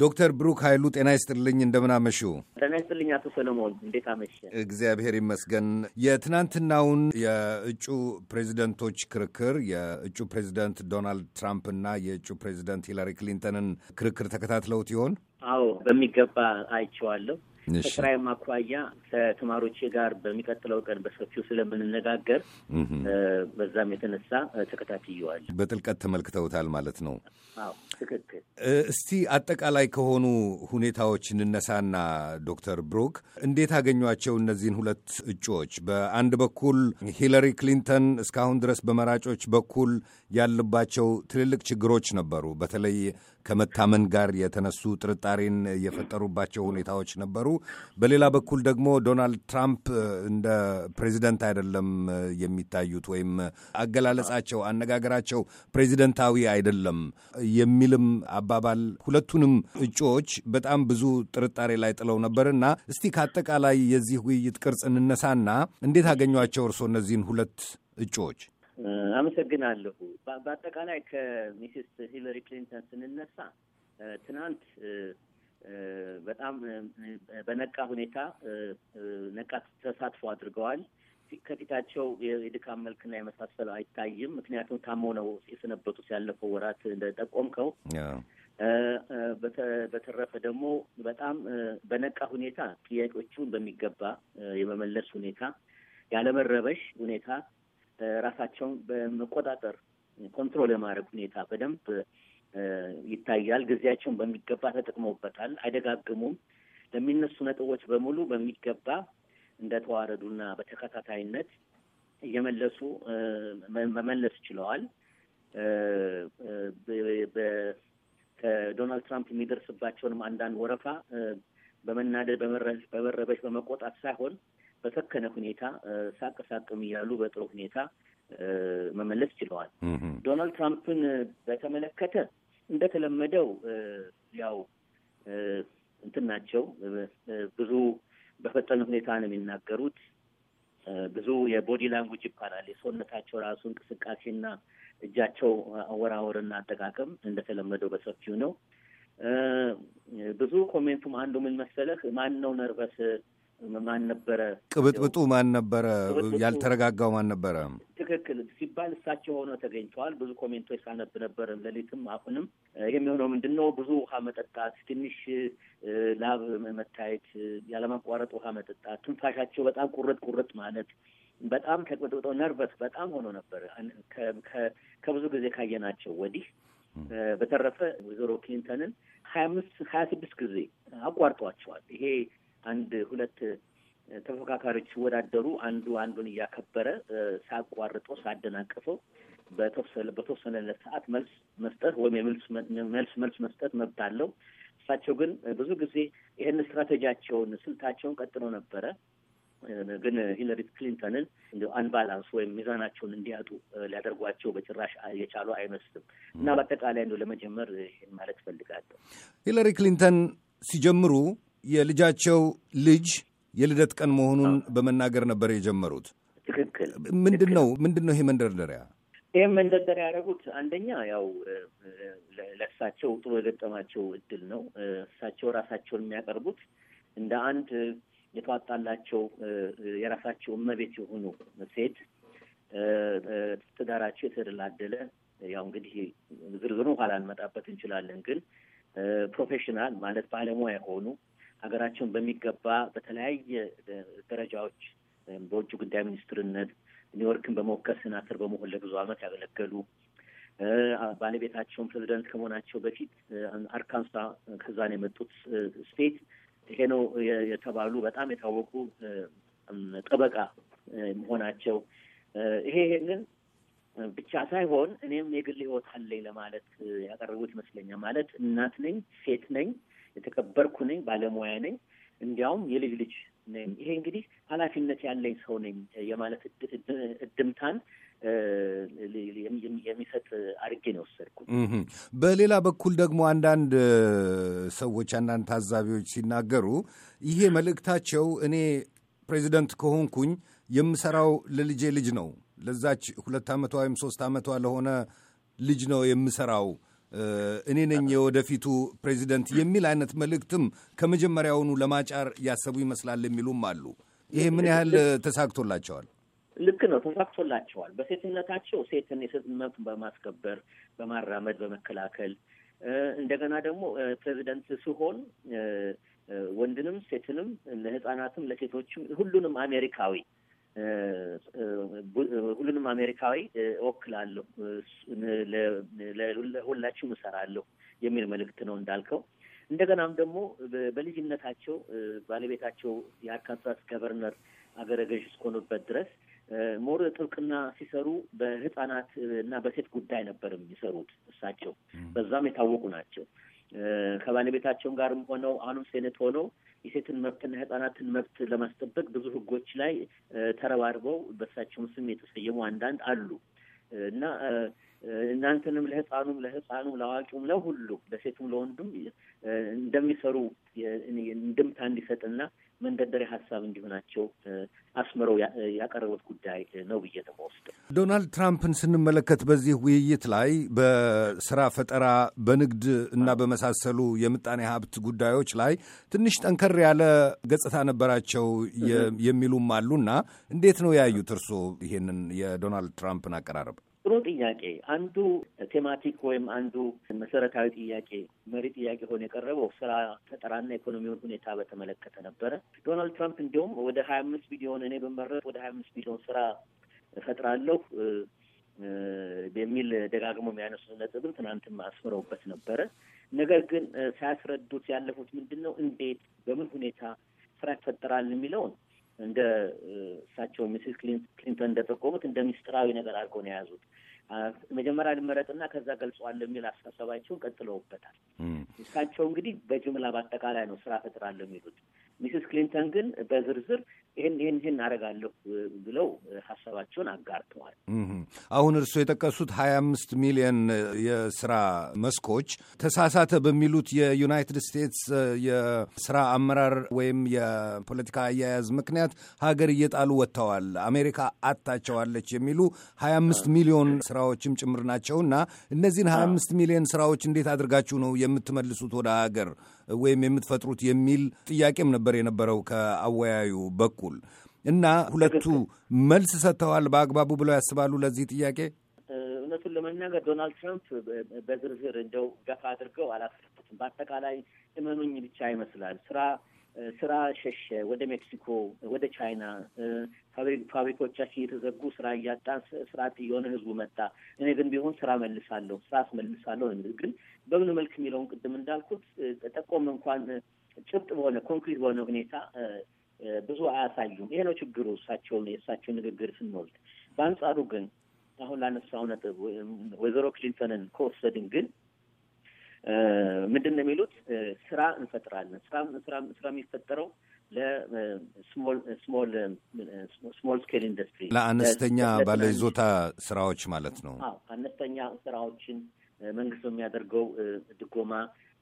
ዶክተር ብሩክ ኃይሉ ጤና ይስጥልኝ። እንደምን አመሹ? ጤና ይስጥልኝ አቶ ሰለሞን፣ እንዴት አመሸ? እግዚአብሔር ይመስገን። የትናንትናውን የእጩ ፕሬዚደንቶች ክርክር የእጩ ፕሬዚደንት ዶናልድ ትራምፕ እና የእጩ ፕሬዚደንት ሂላሪ ክሊንተንን ክርክር ተከታትለውት ይሆን? አዎ፣ በሚገባ አይቼዋለሁ። ከስራዬም አኳያ ከተማሪዎቼ ጋር በሚቀጥለው ቀን በሰፊው ስለምንነጋገር በዛም የተነሳ ተከታትየዋለሁ። በጥልቀት ተመልክተውታል ማለት ነው። አዎ ትክክል። እስቲ አጠቃላይ ከሆኑ ሁኔታዎች እንነሳና ዶክተር ብሩክ እንዴት አገኟቸው እነዚህን ሁለት እጩዎች? በአንድ በኩል ሂለሪ ክሊንተን እስካሁን ድረስ በመራጮች በኩል ያለባቸው ትልልቅ ችግሮች ነበሩ። በተለይ ከመታመን ጋር የተነሱ ጥርጣሬን የፈጠሩባቸው ሁኔታዎች ነበሩ። በሌላ በኩል ደግሞ ዶናልድ ትራምፕ እንደ ፕሬዚደንት አይደለም የሚታዩት ወይም አገላለጻቸው፣ አነጋገራቸው ፕሬዚደንታዊ አይደለም የሚልም አባባል ሁለቱንም እጩዎች በጣም ብዙ ጥርጣሬ ላይ ጥለው ነበር እና እስቲ ከአጠቃላይ የዚህ ውይይት ቅርጽ እንነሳና እንዴት አገኟቸው እርስዎ እነዚህን ሁለት እጩዎች? አመሰግናለሁ። በአጠቃላይ ከሚስስ ሂለሪ ክሊንተን ስንነሳ ትናንት በጣም በነቃ ሁኔታ ነቃ ተሳትፎ አድርገዋል። ከፊታቸው የድካም መልክና የመሳሰል አይታይም። ምክንያቱም ታመው ነው የሰነበቱት ያለፈው ወራት እንደጠቆምከው። በተረፈ ደግሞ በጣም በነቃ ሁኔታ ጥያቄዎቹን በሚገባ የመመለስ ሁኔታ፣ ያለመረበሽ ሁኔታ ራሳቸውን በመቆጣጠር ኮንትሮል የማድረግ ሁኔታ በደንብ ይታያል። ጊዜያቸውን በሚገባ ተጠቅመውበታል። አይደጋግሙም። ለሚነሱ ነጥቦች በሙሉ በሚገባ እንደተዋረዱና በተከታታይነት እየመለሱ መመለስ ችለዋል። ከዶናልድ ትራምፕ የሚደርስባቸውንም አንዳንድ ወረፋ በመናደድ በመረበሽ፣ በመቆጣት ሳይሆን በሰከነ ሁኔታ ሳቅ ሳቅም እያሉ በጥሩ ሁኔታ መመለስ ችለዋል። ዶናልድ ትራምፕን በተመለከተ እንደተለመደው ያው እንትን ናቸው። ብዙ በፈጠነ ሁኔታ ነው የሚናገሩት። ብዙ የቦዲ ላንጉጅ ይባላል የሰውነታቸው ራሱ እንቅስቃሴና እጃቸው አወራወርና አጠቃቀም እንደተለመደው በሰፊው ነው። ብዙ ኮሜንቱም አንዱ ምን መሰለህ ማን ነው ነርቨስ ማን ነበረ? ቅብጥብጡ ማን ነበረ? ያልተረጋጋው ማን ነበረ? ትክክል ሲባል እሳቸው ሆነው ተገኝተዋል። ብዙ ኮሜንቶች ሳነብ ነበር ሌሊትም አሁንም። የሚሆነው ምንድን ነው? ብዙ ውሃ መጠጣት፣ ትንሽ ላብ መታየት፣ ያለማቋረጥ ውሃ መጠጣት፣ ትንፋሻቸው በጣም ቁርጥ ቁርጥ ማለት በጣም ተቅብጥብጦ ነርቨስ በጣም ሆኖ ነበር ከብዙ ጊዜ ካየናቸው ወዲህ። በተረፈ ወይዘሮ ክሊንተንን ሀያ አምስት ሀያ ስድስት ጊዜ አቋርጧቸዋል። ይሄ አንድ ሁለት ተፎካካሪዎች ሲወዳደሩ አንዱ አንዱን እያከበረ ሳያቋርጠው ሳያደናቅፈው በተወሰነለት ሰዓት መልስ መስጠት ወይም የመልስ መልስ መስጠት መብት አለው። እሳቸው ግን ብዙ ጊዜ ይህን ስትራቴጂያቸውን ስልታቸውን ቀጥሎ ነበረ። ግን ሂለሪ ክሊንተንን እንደ አንባላንስ ወይም ሚዛናቸውን እንዲያጡ ሊያደርጓቸው በጭራሽ የቻሉ አይመስልም እና በአጠቃላይ እንደው ለመጀመር ይህን ማለት እፈልጋለሁ። ሂለሪ ክሊንተን ሲጀምሩ የልጃቸው ልጅ የልደት ቀን መሆኑን በመናገር ነበር የጀመሩት። ትክክል። ምንድን ነው ምንድን ነው ይሄ መንደርደሪያ? ይህ መንደርደሪያ ያደረጉት አንደኛ ያው ለእሳቸው ጥሩ የገጠማቸው እድል ነው። እሳቸው ራሳቸውን የሚያቀርቡት እንደ አንድ የተዋጣላቸው የራሳቸው እመቤት የሆኑ ሴት ትዳራቸው የተደላደለ ያው እንግዲህ ዝርዝሩን ኋላ እንመጣበት እንችላለን። ግን ፕሮፌሽናል ማለት ባለሙያ የሆኑ ሀገራቸውን በሚገባ በተለያየ ደረጃዎች በውጭ ጉዳይ ሚኒስትርነት ኒውዮርክን በመወከል ሴናተር በመሆን ለብዙ ዓመት ያገለገሉ ባለቤታቸውን ፕሬዚደንት ከመሆናቸው በፊት አርካንሳ ከዛን የመጡት ስቴት ይሄ ነው የተባሉ በጣም የታወቁ ጠበቃ መሆናቸው ይሄ ግን ብቻ ሳይሆን እኔም የግል ህይወት አለኝ ለማለት ያቀረቡት ይመስለኛል። ማለት እናት ነኝ፣ ሴት ነኝ፣ የተከበርኩ ነኝ፣ ባለሙያ ነኝ፣ እንዲያውም የልጅ ልጅ ነኝ። ይሄ እንግዲህ ኃላፊነት ያለኝ ሰው ነኝ የማለት እድምታን የሚሰጥ አድርጌ ነው የወሰድኩት። በሌላ በኩል ደግሞ አንዳንድ ሰዎች አንዳንድ ታዛቢዎች ሲናገሩ ይሄ መልእክታቸው እኔ ፕሬዚደንት ከሆንኩኝ የምሰራው ለልጄ ልጅ ነው፣ ለዛች ሁለት ዓመቷ ወይም ሶስት ዓመቷ ለሆነ ልጅ ነው የምሰራው እኔ ነኝ የወደፊቱ ፕሬዚደንት የሚል አይነት መልእክትም ከመጀመሪያውኑ ለማጫር ያሰቡ ይመስላል የሚሉም አሉ። ይሄ ምን ያህል ተሳክቶላቸዋል? ልክ ነው፣ ተሳክቶላቸዋል። በሴትነታቸው ሴትን የሴትን መብት በማስከበር በማራመድ በመከላከል እንደገና ደግሞ ፕሬዚደንት ሲሆን ወንድንም ሴትንም ለህፃናትም ለሴቶችም ሁሉንም አሜሪካዊ ሁሉንም አሜሪካዊ እወክላለሁ፣ ለሁላችሁ እሰራለሁ የሚል መልእክት ነው እንዳልከው። እንደገናም ደግሞ በልጅነታቸው ባለቤታቸው የአርካንሳስ ገቨርነር አገረ ገዥ እስከሆኑበት ድረስ ሞር ጥብቅና ሲሰሩ በህጻናት እና በሴት ጉዳይ ነበር የሚሰሩት እሳቸው። በዛም የታወቁ ናቸው። ከባለቤታቸውም ጋርም ሆነው አሁንም ሴኔት ሆነው የሴትን መብትና የህጻናትን መብት ለማስጠበቅ ብዙ ህጎች ላይ ተረባርበው በእሳቸውም ስም የተሰየሙ አንዳንድ አሉ እና እናንተንም ለህፃኑም ለህፃኑም ለአዋቂውም ለሁሉም ለሴቱም ለወንዱም እንደሚሰሩ እንድምታ እንዲሰጥና መንደርደሪያ ሀሳብ እንዲሆናቸው አስምረው ያቀረቡት ጉዳይ ነው ብዬ ነው ዶናልድ ትራምፕን ስንመለከት በዚህ ውይይት ላይ በስራ ፈጠራ፣ በንግድ እና በመሳሰሉ የምጣኔ ሀብት ጉዳዮች ላይ ትንሽ ጠንከር ያለ ገጽታ ነበራቸው የሚሉም አሉና እንዴት ነው ያዩት እርስዎ ይሄንን የዶናልድ ትራምፕን አቀራረብ? ጥሩ ጥያቄ። አንዱ ቴማቲክ ወይም አንዱ መሰረታዊ ጥያቄ መሪ ጥያቄ ሆኖ የቀረበው ስራ ፈጠራና ኢኮኖሚውን ሁኔታ በተመለከተ ነበረ። ዶናልድ ትራምፕ እንዲሁም ወደ ሀያ አምስት ቢሊዮን እኔ በመረጥ ወደ ሀያ አምስት ቢሊዮን ስራ እፈጥራለሁ በሚል ደጋግሞ የሚያነሱት ነጥብም ትናንትም አስምረውበት ነበረ። ነገር ግን ሳያስረዱት ያለፉት ምንድን ነው፣ እንዴት በምን ሁኔታ ስራ ይፈጠራል የሚለውን እንደ እሳቸው ሚስስ ክሊንተን እንደጠቆሙት እንደ ሚስጥራዊ ነገር አድርገው ነው የያዙት። መጀመሪያ ልመረጥና ከዛ ገልጸዋል የሚል አስተሳሰባቸውን ቀጥለውበታል። እሳቸው እንግዲህ በጅምላ በአጠቃላይ ነው ስራ ፈጥራለሁ የሚሉት። ሚስስ ክሊንተን ግን በዝርዝር ይህን ይህን ይህን አደርጋለሁ ብለው ሀሳባቸውን አጋርተዋል። አሁን እርስዎ የጠቀሱት ሀያ አምስት ሚሊዮን የስራ መስኮች ተሳሳተ በሚሉት የዩናይትድ ስቴትስ የስራ አመራር ወይም የፖለቲካ አያያዝ ምክንያት ሀገር እየጣሉ ወጥተዋል፣ አሜሪካ አታቸዋለች የሚሉ ሀያ አምስት ሚሊዮን ስራዎችም ጭምር ናቸው እና እነዚህን ሀያ አምስት ሚሊዮን ስራዎች እንዴት አድርጋችሁ ነው የምትመልሱት ወደ ሀገር ወይም የምትፈጥሩት የሚል ጥያቄም ነበር የነበረው ከአወያዩ በኩል በኩል እና ሁለቱ መልስ ሰጥተዋል በአግባቡ ብለው ያስባሉ ለዚህ ጥያቄ? እውነቱን ለመናገር ዶናልድ ትራምፕ በዝርዝር እንደው ገፋ አድርገው አላስረዱትም። በአጠቃላይ እመኑኝ ብቻ ይመስላል ስራ ስራ ሸሸ ወደ ሜክሲኮ፣ ወደ ቻይና፣ ፋብሪካዎቻችን እየተዘጉ ስራ እያጣን ስራ እየሆነ ህዝቡ መጣ። እኔ ግን ቢሆን ስራ መልሳለሁ፣ ስራ አስመልሳለሁ። ግን በምን መልክ የሚለውን ቅድም እንዳልኩት ጠቆም እንኳን ጭብጥ በሆነ ኮንክሪት በሆነ ሁኔታ ብዙ አያሳዩም። ይሄ ነው ችግሩ እሳቸውን የእሳቸውን ንግግር ስንወልድ በአንጻሩ ግን አሁን ላነሳው ነጥብ ወይዘሮ ክሊንተንን ከወሰድን ግን ምንድን ነው የሚሉት ስራ እንፈጥራለን። ስራ የሚፈጠረው ለስሞል ስኬል ኢንዱስትሪ ለአነስተኛ ባለይዞታ ስራዎች ማለት ነው። አዎ አነስተኛ ስራዎችን መንግስት በሚያደርገው ድጎማ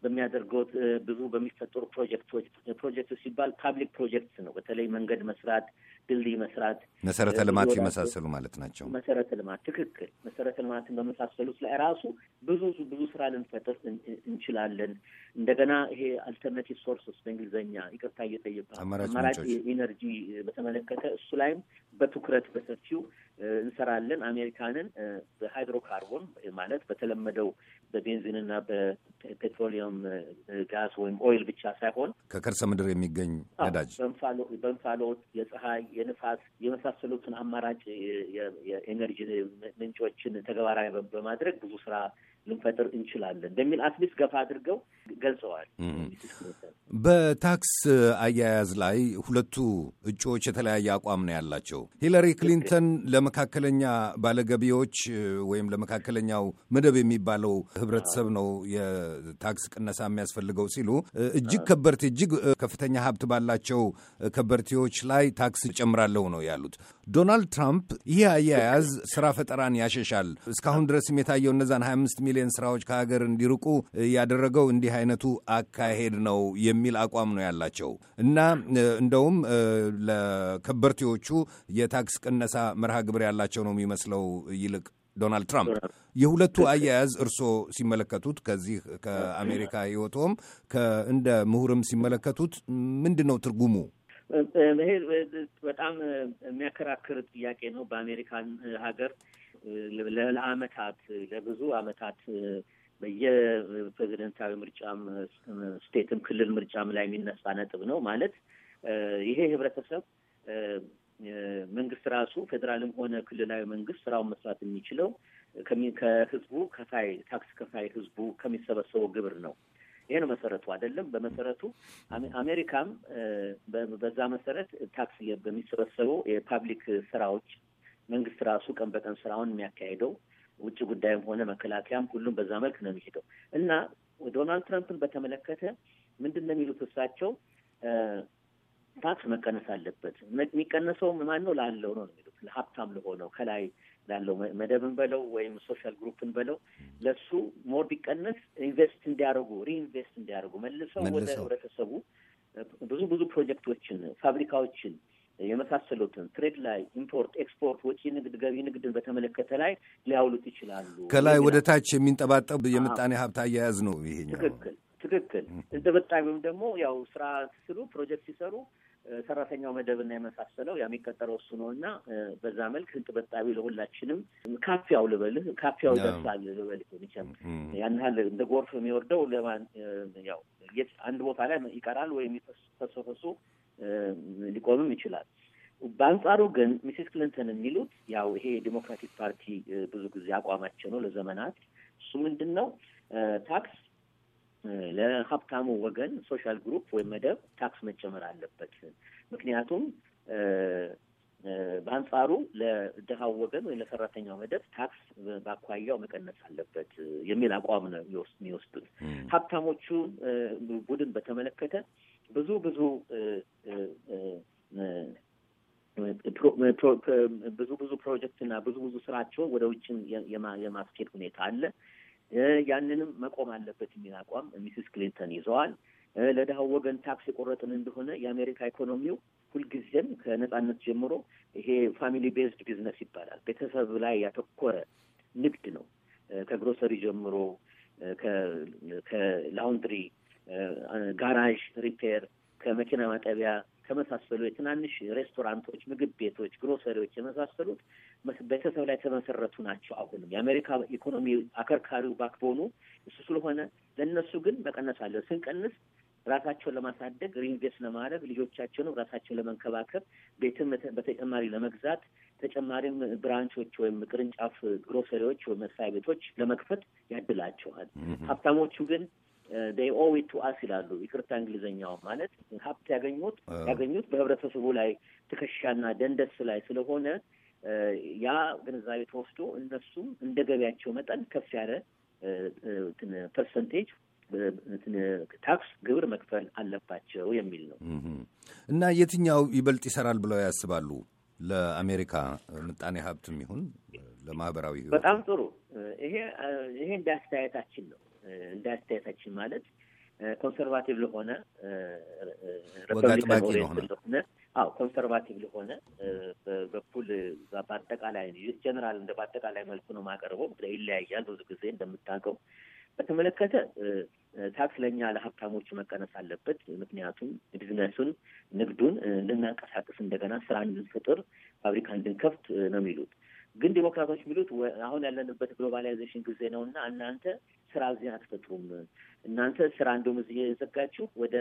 በሚያደርገውት ብዙ በሚፈጠሩ ፕሮጀክቶች ፕሮጀክቶች ሲባል ፓብሊክ ፕሮጀክት ነው። በተለይ መንገድ መስራት፣ ድልድይ መስራት መሰረተ ልማት የመሳሰሉ ማለት ናቸው። መሰረተ ልማት ትክክል። መሰረተ ልማትን በመሳሰሉት ላይ ራሱ ብዙ ብዙ ስራ ልንፈጥር እንችላለን። እንደገና ይሄ አልተርናቲቭ ሶርስስ በእንግሊዝኛ ይቅርታ እየጠየቀ አማራጭ ኢነርጂ በተመለከተ እሱ ላይም በትኩረት በሰፊው እንሰራለን። አሜሪካንን በሃይድሮካርቦን ማለት በተለመደው በቤንዚንና በፔትሮሊየም ጋዝ ወይም ኦይል ብቻ ሳይሆን ከከርሰ ምድር የሚገኝ ነዳጅ በእንፋሎት፣ የፀሐይ፣ የንፋስ የመሳ የመሳሰሉትን አማራጭ የኤነርጂ ምንጮችን ተግባራዊ በማድረግ ብዙ ስራ ልንፈጥር እንችላለን በሚል አትሊስት ገፋ አድርገው ገልጸዋል። በታክስ አያያዝ ላይ ሁለቱ እጩዎች የተለያየ አቋም ነው ያላቸው። ሂለሪ ክሊንተን ለመካከለኛ ባለገቢዎች ወይም ለመካከለኛው መደብ የሚባለው ህብረተሰብ ነው የታክስ ቅነሳ የሚያስፈልገው ሲሉ እጅግ ከበርቴ እጅግ ከፍተኛ ሀብት ባላቸው ከበርቴዎች ላይ ታክስ ጨምራለሁ ነው ያሉት። ዶናልድ ትራምፕ ይህ አያያዝ ስራ ፈጠራን ያሸሻል እስካሁን ድረስም የታየው እነዛን 25 ሚሊዮን ስራዎች ከሀገር እንዲርቁ ያደረገው እንዲህ አይነቱ አካሄድ ነው የሚል አቋም ነው ያላቸው እና እንደውም ለከበርቴዎቹ የታክስ ቅነሳ መርሃ ግብር ያላቸው ነው የሚመስለው ይልቅ ዶናልድ ትራምፕ የሁለቱ አያያዝ እርስዎ ሲመለከቱት ከዚህ ከአሜሪካ ህይወቶም እንደ ምሁርም ሲመለከቱት ምንድን ነው ትርጉሙ? ይሄ በጣም የሚያከራክር ጥያቄ ነው። በአሜሪካን ሀገር ለአመታት ለብዙ አመታት በየፕሬዚደንታዊ ምርጫም ስቴትም ክልል ምርጫም ላይ የሚነሳ ነጥብ ነው ማለት ይሄ ህብረተሰብ መንግስት ራሱ ፌዴራልም ሆነ ክልላዊ መንግስት ስራውን መስራት የሚችለው ከህዝቡ ከፋይ ታክስ ከፋይ ህዝቡ ከሚሰበሰበው ግብር ነው። ይሄ ነው መሰረቱ አይደለም። በመሰረቱ አሜሪካም በዛ መሰረት ታክስ በሚሰበሰበው የፓብሊክ ስራዎች መንግስት ራሱ ቀን በቀን ስራውን የሚያካሄደው ውጭ ጉዳይም ሆነ መከላከያም ሁሉም በዛ መልክ ነው የሚሄደው እና ዶናልድ ትራምፕን በተመለከተ ምንድን ነው የሚሉት እሳቸው ታክስ መቀነስ አለበት። የሚቀነሰው ማን ነው ላለው ነው የሚሉት ለሀብታም ለሆነው ከላይ ላለው መደብን በለው ወይም ሶሻል ግሩፕን በለው ለሱ ሞር ቢቀነስ ኢንቨስት እንዲያደርጉ ሪኢንቨስት እንዲያደርጉ መልሰው ወደ ህብረተሰቡ ብዙ ብዙ ፕሮጀክቶችን ፋብሪካዎችን የመሳሰሉትን ትሬድ ላይ ኢምፖርት፣ ኤክስፖርት፣ ወጪ ንግድ፣ ገቢ ንግድን በተመለከተ ላይ ሊያውሉት ይችላሉ። ከላይ ወደ ታች የሚንጠባጠብ የምጣኔ ሀብት አያያዝ ነው ይሄኛው። ትክክል ትክክል። እንደ በጣም ደግሞ ያው ስራ ሲሉ ፕሮጀክት ሲሰሩ ሰራተኛው መደብና የመሳሰለው ያ የሚቀጠረው እሱ ነው እና በዛ መልክ ህግ በጣቢ ለሁላችንም ካፊያው ልበልህ ካፊያው ይደርሳል ልበልህ ሚቻል ያን ያህል እንደ ጎርፍ የሚወርደው ለማን ያው አንድ ቦታ ላይ ይቀራል ወይም ፈሶ ፈሶ ሊቆምም ይችላል። በአንጻሩ ግን ሚስስ ክሊንተን የሚሉት ያው ይሄ የዲሞክራቲክ ፓርቲ ብዙ ጊዜ አቋማቸው ነው ለዘመናት። እሱ ምንድን ነው ታክስ ለሀብታሙ ወገን ሶሻል ግሩፕ ወይም መደብ ታክስ መጨመር አለበት። ምክንያቱም በአንጻሩ ለድሃው ወገን ወይም ለሰራተኛው መደብ ታክስ በአኳያው መቀነስ አለበት የሚል አቋም ነው የሚወስዱት። ሀብታሞቹ ቡድን በተመለከተ ብዙ ብዙ ብዙ ብዙ ፕሮጀክትና ብዙ ብዙ ስራቸውን ወደ ውጭ የማስኬድ ሁኔታ አለ። ያንንም መቆም አለበት የሚል አቋም ሚስስ ክሊንተን ይዘዋል። ለድሀው ወገን ታክስ የቆረጥን እንደሆነ የአሜሪካ ኢኮኖሚው ሁልጊዜም ከነጻነት ጀምሮ ይሄ ፋሚሊ ቤዝድ ቢዝነስ ይባላል። ቤተሰብ ላይ ያተኮረ ንግድ ነው። ከግሮሰሪ ጀምሮ ከላውንድሪ ጋራዥ ሪፔር፣ ከመኪና ማጠቢያ ከመሳሰሉ የትናንሽ ሬስቶራንቶች፣ ምግብ ቤቶች፣ ግሮሰሪዎች የመሳሰሉት ቤተሰብ ላይ የተመሰረቱ ናቸው። አሁንም የአሜሪካ ኢኮኖሚ አከርካሪው ባክቦኑ እሱ ስለሆነ ለእነሱ ግን መቀነስ አለ። ስንቀንስ ራሳቸውን ለማሳደግ ሪኢንቨስት ለማድረግ ልጆቻቸውንም ራሳቸውን ለመንከባከብ ቤትም በተጨማሪ ለመግዛት ተጨማሪም ብራንቾች ወይም ቅርንጫፍ ግሮሰሪዎች ወይም መስሪያ ቤቶች ለመክፈት ያድላቸዋል። ሀብታሞቹ ግን ዴይ ኦው ቱ አስ ይላሉ። ይቅርታ እንግሊዝኛው ማለት ሀብት ያገኙት ያገኙት በህብረተሰቡ ላይ ትከሻና ደንደስ ላይ ስለሆነ ያ ግንዛቤ ተወስዶ እነሱም እንደ ገቢያቸው መጠን ከፍ ያለ ፐርሰንቴጅ ታክስ ግብር መክፈል አለባቸው የሚል ነው እና የትኛው ይበልጥ ይሰራል ብለው ያስባሉ? ለአሜሪካ ምጣኔ ሀብትም ይሁን ለማህበራዊ ህይወት በጣም ጥሩ። ይሄ ይሄ እንደ አስተያየታችን ነው። እንዳስተያየታችን ማለት ኮንሰርቫቲቭ ለሆነ ሪፐብሊካን ኦሪየንት ለሆነ አዎ ኮንሰርቫቲቭ ለሆነ በኩል በአጠቃላይ ጀነራል እንደ በአጠቃላይ መልኩ ነው ማቀርበው ይለያያል። ብዙ ጊዜ እንደምታውቀው በተመለከተ ታክስ ለእኛ ለሀብታሞች መቀነስ አለበት። ምክንያቱም ቢዝነሱን፣ ንግዱን እንድናንቀሳቀስ እንደገና ስራ እንድንፍጥር፣ ፋብሪካ እንድንከፍት ነው የሚሉት። ግን ዴሞክራቶች የሚሉት አሁን ያለንበት ግሎባላይዜሽን ጊዜ ነው እና እናንተ ስራ እዚህ አትፈጥሩም። እናንተ ስራ እንደውም እዚህ የዘጋችሁ ወደ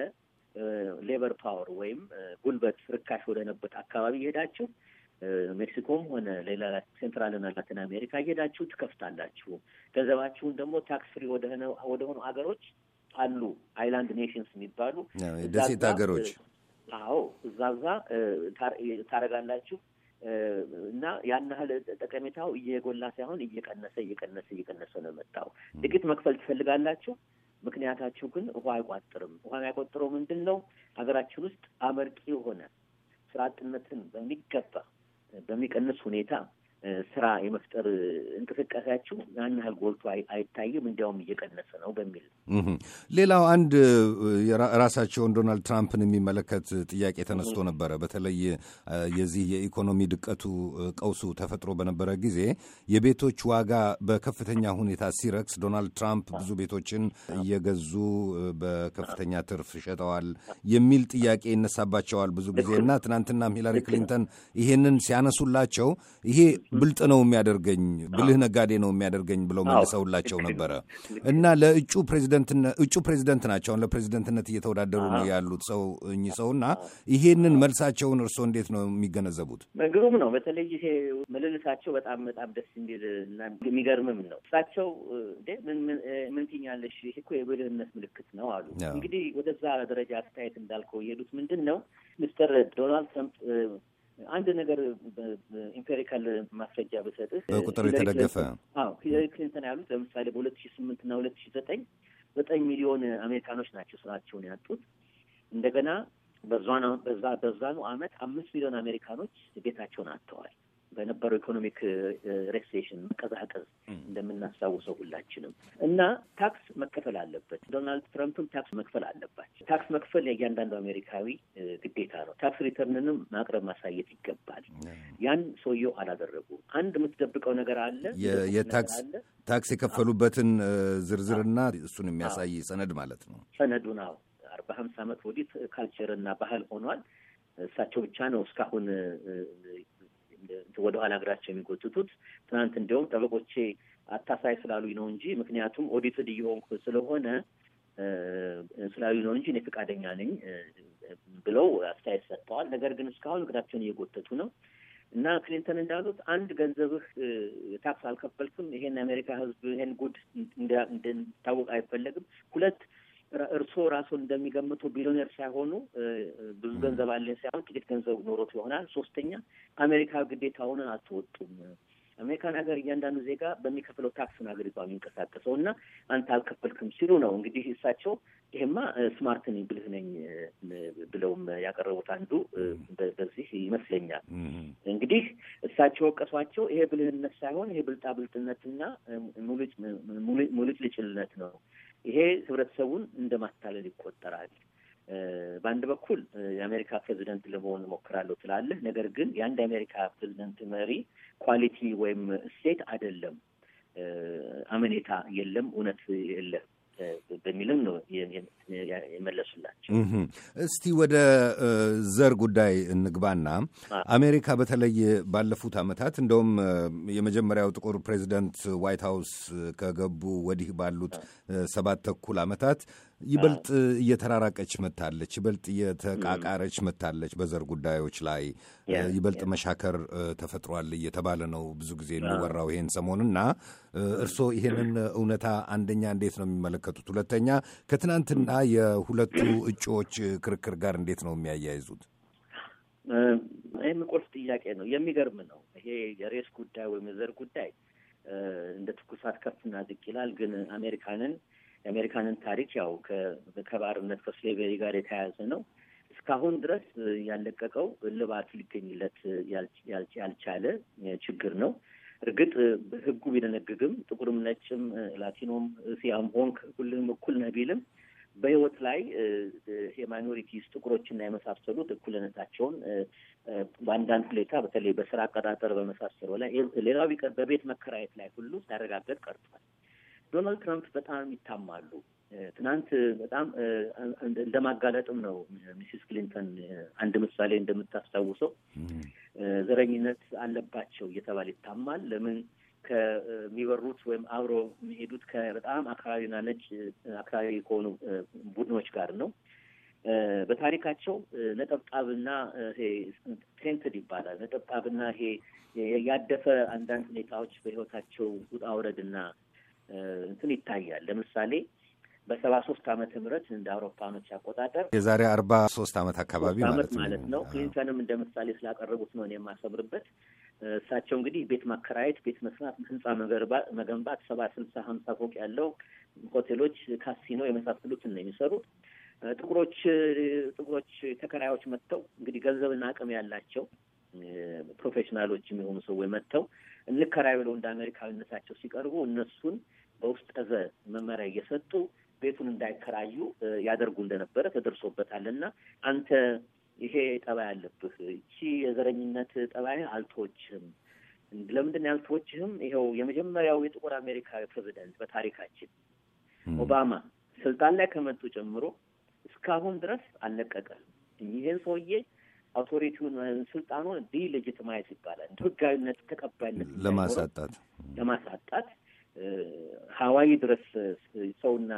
ሌበር ፓወር ወይም ጉልበት ርካሽ ወደነበት አካባቢ እየሄዳችሁ ሜክሲኮም ሆነ ሌላ ሴንትራልና ላቲን አሜሪካ እየሄዳችሁ ትከፍታላችሁ። ገንዘባችሁን ደግሞ ታክስ ፍሪ ወደ ሆኑ ሀገሮች አሉ አይላንድ ኔሽንስ የሚባሉ ደሴት ሀገሮች። አዎ እዛ እዛ ታረጋላችሁ እና ያን ያህል ጠቀሜታው እየጎላ ሳይሆን እየቀነሰ እየቀነሰ እየቀነሰ ነው የመጣው። ጥቂት መክፈል ትፈልጋላችሁ፣ ምክንያታችሁ ግን ውሃ አይቋጥርም። ውሃ የሚያቆጥረው ምንድን ነው? ሀገራችን ውስጥ አመርቂ የሆነ ስራ አጥነትን በሚገባ በሚቀንስ ሁኔታ ስራ የመፍጠር እንቅስቃሴያቸው ያን ያህል ጎልቶ አይታይም፣ እንዲያውም እየቀነሰ ነው በሚል ሌላው አንድ ራሳቸውን ዶናልድ ትራምፕን የሚመለከት ጥያቄ ተነስቶ ነበረ። በተለይ የዚህ የኢኮኖሚ ድቀቱ ቀውሱ ተፈጥሮ በነበረ ጊዜ የቤቶች ዋጋ በከፍተኛ ሁኔታ ሲረክስ ዶናልድ ትራምፕ ብዙ ቤቶችን እየገዙ በከፍተኛ ትርፍ ሸጠዋል የሚል ጥያቄ ይነሳባቸዋል ብዙ ጊዜ እና ትናንትናም ሂላሪ ክሊንተን ይሄንን ሲያነሱላቸው ይሄ ብልጥ ነው የሚያደርገኝ፣ ብልህ ነጋዴ ነው የሚያደርገኝ ብለው መልሰውላቸው ነበረ እና ለእጩ ፕሬዚደንትነት እጩ ፕሬዚደንት ናቸው አሁን ለፕሬዚደንትነት እየተወዳደሩ ነው ያሉት ሰው እኚህ ሰው እና ይሄንን መልሳቸውን እርስዎ እንዴት ነው የሚገነዘቡት? ግሩም ነው። በተለይ ይሄ ምልልሳቸው በጣም በጣም ደስ የሚል እና የሚገርምም ነው። እሳቸው ምን ትኛለሽ? ይሄ እኮ የብልህነት ምልክት ነው አሉ። እንግዲህ ወደዛ ደረጃ አስተያየት እንዳልከው የሄዱት ምንድን ነው ሚስተር ዶናልድ ትራምፕ አንድ ነገር ኢምፔሪካል ማስረጃ ብሰጥህ በቁጥር የተደገፈ አዎ ሂለሪ ክሊንተን ያሉት ለምሳሌ በሁለት ሺ ስምንት እና ሁለት ሺ ዘጠኝ ዘጠኝ ሚሊዮን አሜሪካኖች ናቸው ስራቸውን ያጡት። እንደገና በዛ በዛኑ አመት አምስት ሚሊዮን አሜሪካኖች ቤታቸውን አጥተዋል። በነበረው ኢኮኖሚክ ሬክሴሽን መቀዛቀዝ እንደምናስታውሰው ሁላችንም እና ታክስ መከፈል አለበት። ዶናልድ ትራምፕም ታክስ መክፈል አለባቸው። ታክስ መክፈል የእያንዳንዱ አሜሪካዊ ግዴታ ነው። ታክስ ሪተርንንም ማቅረብ ማሳየት ይገባል። ያን ሰውየው አላደረጉ። አንድ የምትደብቀው ነገር አለ። የታክስ ታክስ የከፈሉበትን ዝርዝርና እሱን የሚያሳይ ሰነድ ማለት ነው። ሰነዱ ነው። አርባ ሀምሳ ዓመት ወዲህ ካልቸርና ባህል ሆኗል። እሳቸው ብቻ ነው እስካሁን ወደኋላ እግራቸው የሚጎትቱት። ትናንት እንዲሁም ጠበቆቼ አታሳይ ስላሉኝ ነው እንጂ ምክንያቱም ኦዲትድ እየሆንኩ ስለሆነ ስላሉኝ ነው እንጂ እኔ ፈቃደኛ ነኝ ብለው አስተያየት ሰጥተዋል። ነገር ግን እስካሁን እግራቸውን እየጎተቱ ነው እና ክሊንተን እንዳሉት አንድ ገንዘብህ ታክስ አልከፈልክም፣ ይሄን የአሜሪካ ሕዝብ ይሄን ጉድ እንዲታወቅ አይፈለግም። ሁለት እርስዎ ራሱ እንደሚገምቱ ቢሊዮነር ሳይሆኑ ብዙ ገንዘብ አለ ሳይሆን ጥቂት ገንዘብ ኖሮት ይሆናል። ሶስተኛ አሜሪካ ግዴታውን አትወጡም። አሜሪካን ሀገር እያንዳንዱ ዜጋ በሚከፍለው ታክስን ሀገሪቷ የሚንቀሳቀሰው እና አንተ አልከፈልክም ሲሉ ነው እንግዲህ እሳቸው ይሄማ ስማርት ነኝ ብልህ ነኝ ብለውም ያቀረቡት አንዱ በዚህ ይመስለኛል። እንግዲህ እሳቸው ወቀሷቸው። ይሄ ብልህነት ሳይሆን ይሄ ብልጣ ብልጥነትና ሙልጭልጭነት ነው ይሄ ህብረተሰቡን እንደ ማታለል ይቆጠራል። በአንድ በኩል የአሜሪካ ፕሬዚደንት ለመሆን እሞክራለሁ ትላለህ። ነገር ግን የአንድ የአሜሪካ ፕሬዚደንት መሪ ኳሊቲ ወይም እሴት አይደለም፣ አመኔታ የለም፣ እውነት የለም። በሚልም ነው የመለሱላቸው። እስቲ ወደ ዘር ጉዳይ እንግባና አሜሪካ በተለይ ባለፉት ዓመታት እንደውም የመጀመሪያው ጥቁር ፕሬዚደንት ዋይት ሀውስ ከገቡ ወዲህ ባሉት ሰባት ተኩል ዓመታት ይበልጥ እየተራራቀች መታለች፣ ይበልጥ እየተቃቃረች መታለች። በዘር ጉዳዮች ላይ ይበልጥ መሻከር ተፈጥሯል እየተባለ ነው ብዙ ጊዜ ah. የሚወራው ይሄን ሰሞን እና እርስዎ ይሄንን እውነታ አንደኛ እንዴት ነው የሚመለከቱት? ሁለተኛ ከትናንትና የሁለቱ እጩዎች ክርክር ጋር እንዴት ነው የሚያያይዙት? ይህም ቁልፍ ጥያቄ ነው። የሚገርም ነው ይሄ የሬስ ጉዳይ ወይም የዘር ጉዳይ እንደ ትኩሳት ከፍና ዝቅ ይላል። ግን አሜሪካንን የአሜሪካንን ታሪክ ያው ከባርነት ከስሌቨሪ ጋር የተያያዘ ነው። እስካሁን ድረስ ያለቀቀው እልባት ሊገኝለት ያልቻለ ችግር ነው። እርግጥ በሕጉ ቢደነግግም ጥቁርም፣ ነጭም፣ ላቲኖም፣ ሲያም ሆንክ ሁልም እኩል ነው ቢልም በህይወት ላይ የማይኖሪቲስ ጥቁሮችና የመሳሰሉት እኩልነታቸውን በአንዳንድ ሁኔታ በተለይ በስራ አቀጣጠር በመሳሰሉ ላይ ሌላው ቢቀር በቤት መከራየት ላይ ሁሉ ሳያረጋገጥ ቀርቷል። ዶናልድ ትራምፕ በጣም ይታማሉ። ትናንት በጣም እንደ ማጋለጥም ነው ሚስስ ክሊንተን አንድ ምሳሌ እንደምታስታውሰው ዘረኝነት አለባቸው እየተባለ ይታማል። ለምን ከሚበሩት ወይም አብሮ የሚሄዱት ከበጣም አክራሪና ነጭ አክራሪ ከሆኑ ቡድኖች ጋር ነው። በታሪካቸው ነጠብጣብና ይሄ ቴንትድ ይባላል። ነጠብጣብና ይሄ ያደፈ አንዳንድ ሁኔታዎች በህይወታቸው ውጣ ውረድና እንትን ይታያል። ለምሳሌ በሰባ ሶስት ዓመተ ምህረት እንደ አውሮፓኖች አቆጣጠር የዛሬ አርባ ሶስት አመት አካባቢ ዓመት ማለት ነው። ክሊንተንም እንደ ምሳሌ ስላቀረቡት ነው የማሰምርበት። እሳቸው እንግዲህ ቤት ማከራየት፣ ቤት መስራት፣ ህንፃ መገንባት ሰባ ስልሳ ሀምሳ ፎቅ ያለው ሆቴሎች፣ ካሲኖ የመሳሰሉትን ነው የሚሰሩት። ጥቁሮች ጥቁሮች ተከራዮች መጥተው እንግዲህ ገንዘብና አቅም ያላቸው ፕሮፌሽናሎች የሚሆኑ ሰዎች መጥተው እንከራይ ብለው እንደ አሜሪካዊነታቸው ሲቀርቡ እነሱን በውስጠ ዘ መመሪያ እየሰጡ ቤቱን እንዳይከራዩ ያደርጉ እንደነበረ ተደርሶበታል። እና አንተ ይሄ ጠባይ አለብህ፣ ይቺ የዘረኝነት ጠባይ አልተወችህም። ለምንድን ነው ያልተወችህም? ይኸው የመጀመሪያው የጥቁር አሜሪካዊ ፕሬዚደንት በታሪካችን ኦባማ ስልጣን ላይ ከመጡ ጀምሮ እስካሁን ድረስ አልለቀቀም። ይሄን ሰውዬ አውቶሪቲውን ስልጣኑን ዲ ልጅትማየት ይባላል። ህጋዊነት ተቀባይነት ለማሳጣት ለማሳጣት ሀዋይ ድረስ ሰውና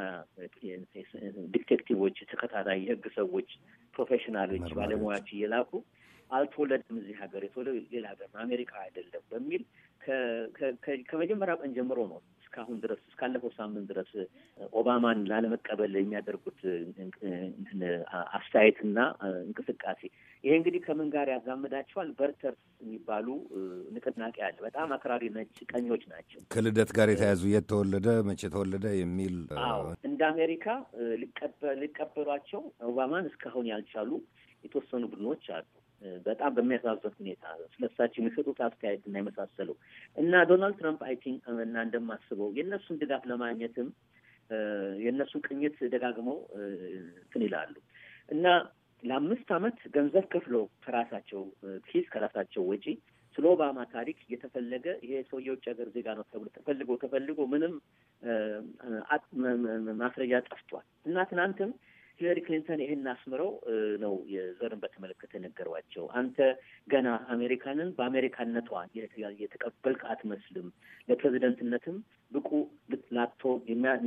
ዲቴክቲቮች፣ ተከታታይ የህግ ሰዎች፣ ፕሮፌሽናሎች፣ ባለሙያዎች እየላኩ አልተወለደም እዚህ ሀገር የተወለደ ሌላ ሀገር አሜሪካ አይደለም በሚል ከመጀመሪያ ቀን ጀምሮ ነው እስካሁን ድረስ እስካለፈው ሳምንት ድረስ ኦባማን ላለመቀበል የሚያደርጉት አስተያየትና እንቅስቃሴ ይሄ እንግዲህ ከምን ጋር ያዛምዳቸዋል? በርተርስ የሚባሉ ንቅናቄ አለ። በጣም አክራሪ ነጭ ቀኞች ናቸው። ከልደት ጋር የተያዙ የት ተወለደ መቼ ተወለደ የሚል እንደ አሜሪካ ሊቀበሏቸው ኦባማን እስካሁን ያልቻሉ የተወሰኑ ቡድኖች አሉ። በጣም በሚያሳዝን ሁኔታ ስለሳቸው የሚሰጡት አስተያየት እና የመሳሰለው እና ዶናልድ ትራምፕ አይ ቲንክ እና እንደማስበው የእነሱን ድጋፍ ለማግኘትም የእነሱን ቅኝት ደጋግመው እንትን ይላሉ እና ለአምስት አመት ገንዘብ ከፍሎ ከራሳቸው ኪስ ከራሳቸው ወጪ ስለ ኦባማ ታሪክ የተፈለገ ይሄ ሰው የውጭ ሀገር ዜጋ ነው ተብሎ ተፈልጎ ተፈልጎ ምንም ማስረጃ ጠፍቷል እና ትናንትም ሂለሪ ክሊንተን ይህን አስምረው ነው የዘርን በተመለከተ ነገሯቸው። አንተ ገና አሜሪካንን በአሜሪካነቷ የተቀበልክ አትመስልም፣ ለፕሬዚደንትነትም ብቁ ላቶ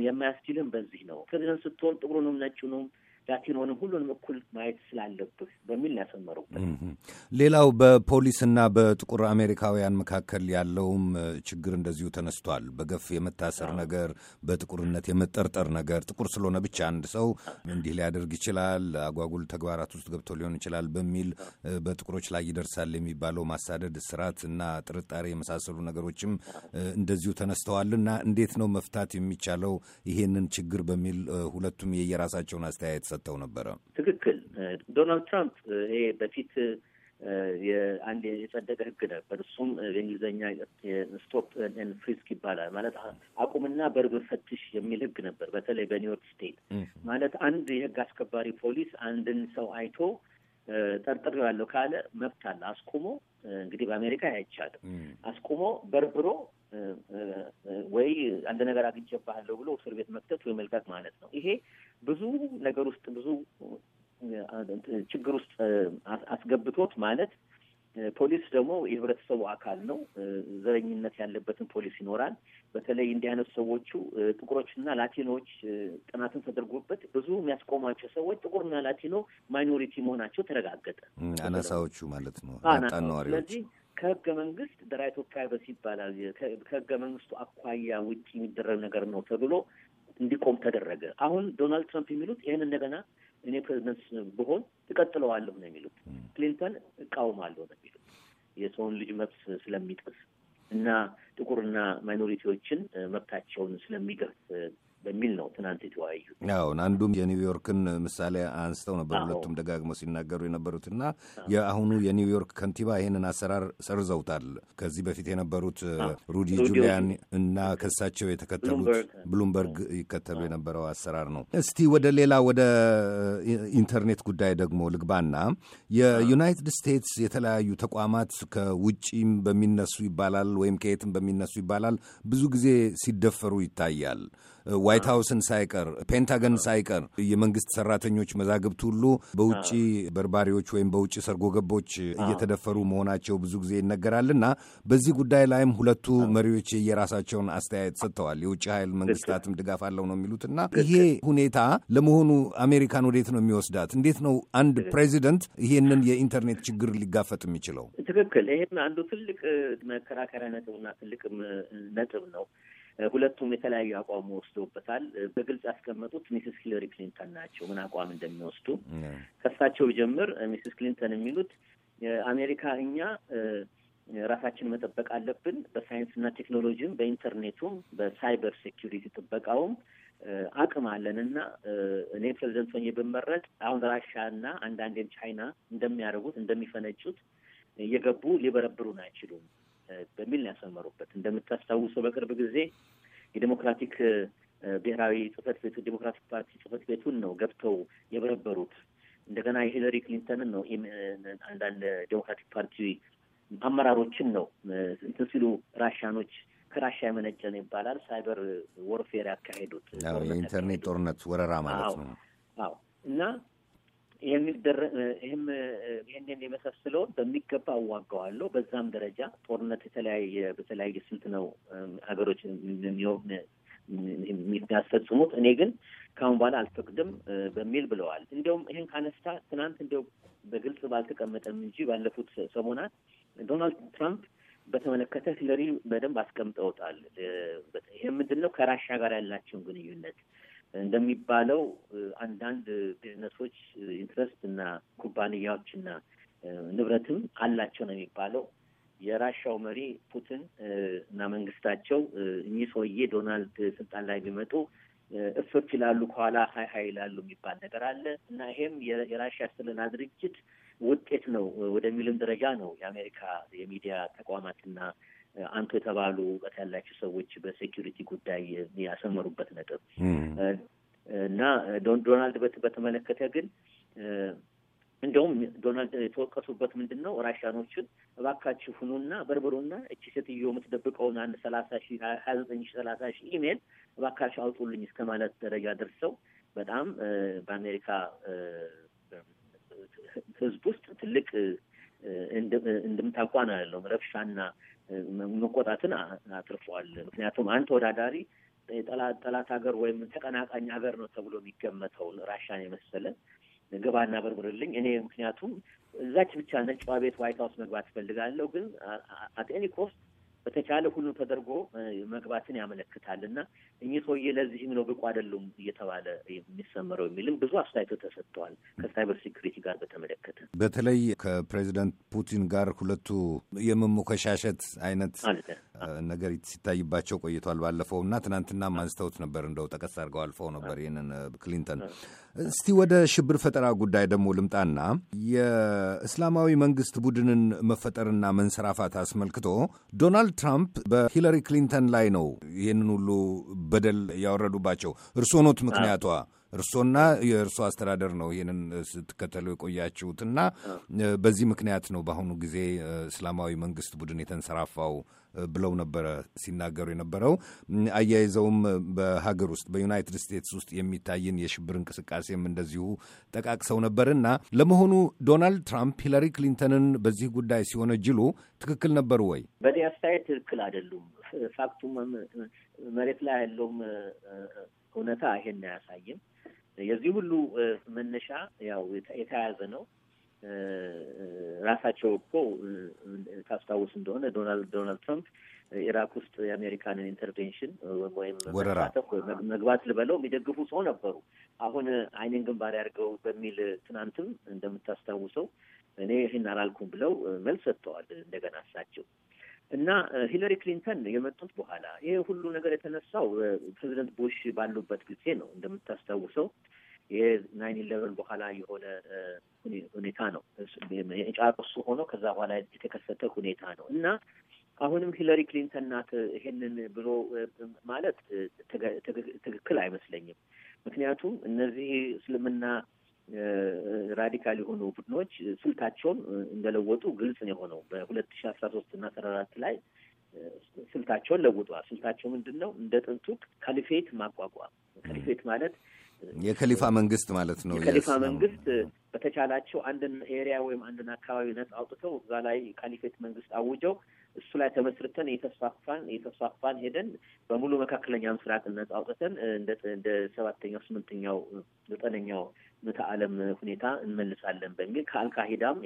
የማያስችልም በዚህ ነው። ፕሬዚደንት ስትሆን ጥቁሩንም ነጩንም ጃቲሮንም ሁሉንም እኩል ማየት ስላለብህ በሚል ነው ያሰመሩበት። ሌላው በፖሊስና በጥቁር አሜሪካውያን መካከል ያለውም ችግር እንደዚሁ ተነስቷል። በገፍ የመታሰር ነገር፣ በጥቁርነት የመጠርጠር ነገር፣ ጥቁር ስለሆነ ብቻ አንድ ሰው እንዲህ ሊያደርግ ይችላል፣ አጓጉል ተግባራት ውስጥ ገብቶ ሊሆን ይችላል በሚል በጥቁሮች ላይ ይደርሳል የሚባለው ማሳደድ፣ ስርዓት እና ጥርጣሬ የመሳሰሉ ነገሮችም እንደዚሁ ተነስተዋል እና እንዴት ነው መፍታት የሚቻለው ይሄንን ችግር በሚል ሁለቱም የየራሳቸውን አስተያየት ሰጥተው ነበረ። ትክክል። ዶናልድ ትራምፕ ይሄ በፊት አንድ የጸደቀ ህግ ነበር። እሱም የእንግሊዝኛ ስቶፕ ኤን ፍሪስክ ይባላል። ማለት አቁምና በርብር ፈትሽ የሚል ህግ ነበር። በተለይ በኒውዮርክ ስቴት ማለት አንድ የህግ አስከባሪ ፖሊስ አንድን ሰው አይቶ ጠርጥሬው ያለው ካለ መብት አለ አስቁሞ እንግዲህ በአሜሪካ አይቻልም። አስቁሞ በርብሮ ወይ አንድ ነገር አግኝቼብሃለሁ ብሎ እስር ቤት መክተት ወይ መልቀቅ ማለት ነው። ይሄ ብዙ ነገር ውስጥ ብዙ ችግር ውስጥ አስገብቶት ማለት ፖሊስ ደግሞ የህብረተሰቡ አካል ነው። ዘረኝነት ያለበትን ፖሊስ ይኖራል። በተለይ እንዲህ አይነት ሰዎቹ ጥቁሮችና ላቲኖዎች ጥናትን ተደርጎበት ብዙ የሚያስቆሟቸው ሰዎች ጥቁርና ላቲኖ ማይኖሪቲ መሆናቸው ተረጋገጠ። አናሳዎቹ ማለት ነው። ስለዚህ ከህገ መንግስት ደራይቶ ፕራይቨሲ ይባላል። ከህገ መንግስቱ አኳያ ውጭ የሚደረግ ነገር ነው ተብሎ እንዲቆም ተደረገ። አሁን ዶናልድ ትራምፕ የሚሉት ይህን እንደገና እኔ ፕሬዚደንት ብሆን እቀጥለዋለሁ ነው የሚሉት። ክሊንተን እቃወማለሁ ነው የሚሉት የሰውን ልጅ መብት ስለሚጥስ እና ጥቁርና ማይኖሪቲዎችን መብታቸውን ስለሚገፍ በሚል ነው ትናንት የተወያዩት። አሁን አንዱም የኒውዮርክን ምሳሌ አንስተው ነበር ሁለቱም ደጋግመው ሲናገሩ የነበሩት የአሁኑ የኒውዮርክ ከንቲባ ይህንን አሰራር ሰርዘውታል። ከዚህ በፊት የነበሩት ሩዲ ጁሊያን እና ከሳቸው የተከተሉት ብሉምበርግ ይከተሉ የነበረው አሰራር ነው። እስቲ ወደ ሌላ ወደ ኢንተርኔት ጉዳይ ደግሞ ልግባና የዩናይትድ ስቴትስ የተለያዩ ተቋማት ከውጪም በሚነሱ ይባላል ወይም ከየትም በሚነሱ ይባላል ብዙ ጊዜ ሲደፈሩ ይታያል። ዋይት ሀውስን ሳይቀር ፔንታገን ሳይቀር የመንግስት ሰራተኞች መዛግብት ሁሉ በውጭ በርባሪዎች ወይም በውጭ ሰርጎ ገቦች እየተደፈሩ መሆናቸው ብዙ ጊዜ ይነገራልና በዚህ ጉዳይ ላይም ሁለቱ መሪዎች የራሳቸውን አስተያየት ሰጥተዋል። የውጭ ኃይል መንግስታትም ድጋፍ አለው ነው የሚሉትና ይሄ ሁኔታ ለመሆኑ አሜሪካን ወዴት ነው የሚወስዳት? እንዴት ነው አንድ ፕሬዚደንት ይሄንን የኢንተርኔት ችግር ሊጋፈጥ የሚችለው? ትክክል። ይህም አንዱ ትልቅ መከራከሪያ ነጥብና ትልቅ ነጥብ ነው። ሁለቱም የተለያዩ አቋም ወስዶበታል። በግልጽ ያስቀመጡት ሚስስ ሂለሪ ክሊንተን ናቸው ምን አቋም እንደሚወስዱ። ከሳቸው ጀምር ሚስስ ክሊንተን የሚሉት አሜሪካ እኛ ራሳችን መጠበቅ አለብን። በሳይንስና ቴክኖሎጂም፣ በኢንተርኔቱም፣ በሳይበር ሴኪሪቲ ጥበቃውም አቅም አለን እና እኔ ፕሬዚደንት ሆኜ ብመረጥ አሁን እና አንዳንዴም ቻይና እንደሚያደርጉት እንደሚፈነጩት እየገቡ ሊበረብሩን አይችሉም። በሚል ነው ያሰመሩበት። እንደምታስታውሰው በቅርብ ጊዜ የዴሞክራቲክ ብሔራዊ ጽህፈት ቤቱ ዴሞክራቲክ ፓርቲ ጽህፈት ቤቱን ነው ገብተው የበረበሩት። እንደገና የሂለሪ ክሊንተንን ነው አንዳንድ ዴሞክራቲክ ፓርቲ አመራሮችን ነው እንትን ሲሉ ከራሻ የመነጨ ነው ይባላል ሳይበር ወርፌር ያካሄዱት የኢንተርኔት ጦርነት ወረራ ማለት ነው። አዎ እና ይህም ይህንን የመሳሰለውን በሚገባ አዋጋዋለሁ። በዛም ደረጃ ጦርነት የተለያየ በተለያየ ስልት ነው ሀገሮች የሚያስፈጽሙት። እኔ ግን ከአሁን በኋላ አልፈቅድም በሚል ብለዋል። እንዲያውም ይህን ካነስታ ትናንት እንዲያው በግልጽ ባልተቀመጠም እንጂ ባለፉት ሰሞናት ዶናልድ ትራምፕ በተመለከተ ሂለሪ በደንብ አስቀምጠውታል። ይህ ምንድን ነው? ከራሻ ጋር ያላቸውን ግንኙነት እንደሚባለው አንዳንድ ቢዝነሶች ኢንትረስት እና ኩባንያዎች እና ንብረትም አላቸው ነው የሚባለው። የራሻው መሪ ፑቲን እና መንግስታቸው እኚህ ሰውዬ ዶናልድ ስልጣን ላይ ቢመጡ እፍፍ ይላሉ፣ ከኋላ ሀይ ሀይ ይላሉ የሚባል ነገር አለ እና ይሄም የራሻ ስለላ ድርጅት ውጤት ነው ወደሚልም ደረጃ ነው የአሜሪካ የሚዲያ ተቋማትና አንቱ የተባሉ እውቀት ያላቸው ሰዎች በሴኪሪቲ ጉዳይ ያሰመሩበት ነጥብ እና ዶናልድ በተመለከተ ግን እንደውም ዶናልድ የተወቀሱበት ምንድን ነው ራሽያኖችን እባካችሁ ሁኑና በርብሩና እቺ ሴትዮ የምትደብቀውን አንድ ሰላሳ ሺ ሀያ ዘጠኝ ሺ ሰላሳ ሺ ኢሜል እባካችሁ አውጡልኝ እስከ ማለት ደረጃ ደርሰው በጣም በአሜሪካ ሕዝብ ውስጥ ትልቅ እንድምታቋን ያለው ረብሻና መቆጣትን አትርፈዋል። ምክንያቱም አንድ ተወዳዳሪ ጠላት ሀገር ወይም ተቀናቃኝ ሀገር ነው ተብሎ የሚገመተውን ራሻን የመሰለ ግባና በርብርልኝ እኔ ምክንያቱም እዛች ብቻ ነጭዋ ቤት ዋይት ሀውስ መግባት እፈልጋለሁ ግን አት ኤኒ ኮስት በተቻለ ሁሉ ተደርጎ መግባትን ያመለክታል እና እኚህ ሰውዬ ለዚህም ነው ብቁ አይደሉም እየተባለ የሚሰመረው የሚልም ብዙ አስተያየቶች ተሰጥተዋል። ከሳይበር ሴኩሪቲ ጋር በተመለከተ በተለይ ከፕሬዚዳንት ፑቲን ጋር ሁለቱ የመሞከሻሸት አይነት ነገር ሲታይባቸው ቆይቷል። ባለፈው እና ትናንትናም አንስተውት ነበር፣ እንደው ጠቀስ አድርገው አልፈው ነበር ይህንን ክሊንተን። እስቲ ወደ ሽብር ፈጠራ ጉዳይ ደግሞ ልምጣና የእስላማዊ መንግስት ቡድንን መፈጠርና መንሰራፋት አስመልክቶ ዶናልድ ትራምፕ በሂለሪ ክሊንተን ላይ ነው ይህንን ሁሉ በደል ያወረዱባቸው። እርስዎ ኖት ምክንያቷ እርሶና የእርሶ አስተዳደር ነው ይህንን ስትከተሉ የቆያችሁትና በዚህ ምክንያት ነው በአሁኑ ጊዜ እስላማዊ መንግስት ቡድን የተንሰራፋው ብለው ነበረ ሲናገሩ የነበረው። አያይዘውም በሀገር ውስጥ በዩናይትድ ስቴትስ ውስጥ የሚታይን የሽብር እንቅስቃሴም እንደዚሁ ጠቃቅሰው ነበርና ለመሆኑ ዶናልድ ትራምፕ ሂለሪ ክሊንተንን በዚህ ጉዳይ ሲወነጅሉ ትክክል ነበሩ ወይ? በእኔ አስተያየት ትክክል አይደሉም። ፋክቱም መሬት ላይ ያለውም እውነታ ይሄን አያሳይም። የዚህ ሁሉ መነሻ ያው የተያያዘ ነው። ራሳቸው እኮ ታስታውስ እንደሆነ ዶናልድ ዶናልድ ትራምፕ ኢራቅ ውስጥ የአሜሪካንን ኢንተርቬንሽን ወይም መግባት ልበለው የሚደግፉ ሰው ነበሩ። አሁን ዓይኔን ግንባር ያድርገው በሚል ትናንትም እንደምታስታውሰው እኔ ይህን አላልኩም ብለው መልስ ሰጥተዋል። እንደገና እሳቸው እና ሂለሪ ክሊንተን የመጡት በኋላ ይሄ ሁሉ ነገር የተነሳው ፕሬዚደንት ቡሽ ባሉበት ጊዜ ነው። እንደምታስታውሰው የናይን ኢለቨን በኋላ የሆነ ሁኔታ ነው። እሱ ሆኖ ከዛ በኋላ የተከሰተ ሁኔታ ነው እና አሁንም ሂለሪ ክሊንተን ናት ይሄንን ብሎ ማለት ትክክል አይመስለኝም። ምክንያቱም እነዚህ እስልምና ራዲካል የሆኑ ቡድኖች ስልታቸውን እንደለወጡ ግልጽ ነው የሆነው። በሁለት ሺ አስራ ሶስት እና አስራ አራት ላይ ስልታቸውን ለውጠዋል። ስልታቸው ምንድን ነው? እንደ ጥንቱ ከሊፌት ማቋቋም። ከሊፌት ማለት የከሊፋ መንግስት ማለት ነው። የከሊፋ መንግስት በተቻላቸው አንድን ኤሪያ ወይም አንድን አካባቢ ነጻ አውጥተው እዛ ላይ ካሊፌት መንግስት አውጀው እሱ ላይ ተመስርተን የተስፋፋን የተስፋፋን ሄደን በሙሉ መካከለኛ ምስራቅ ነጻ አውጥተን እንደ ሰባተኛው ስምንተኛው ዘጠነኛው ምዕተ ዓለም ሁኔታ እንመልሳለን በሚል ከአልቃሂዳም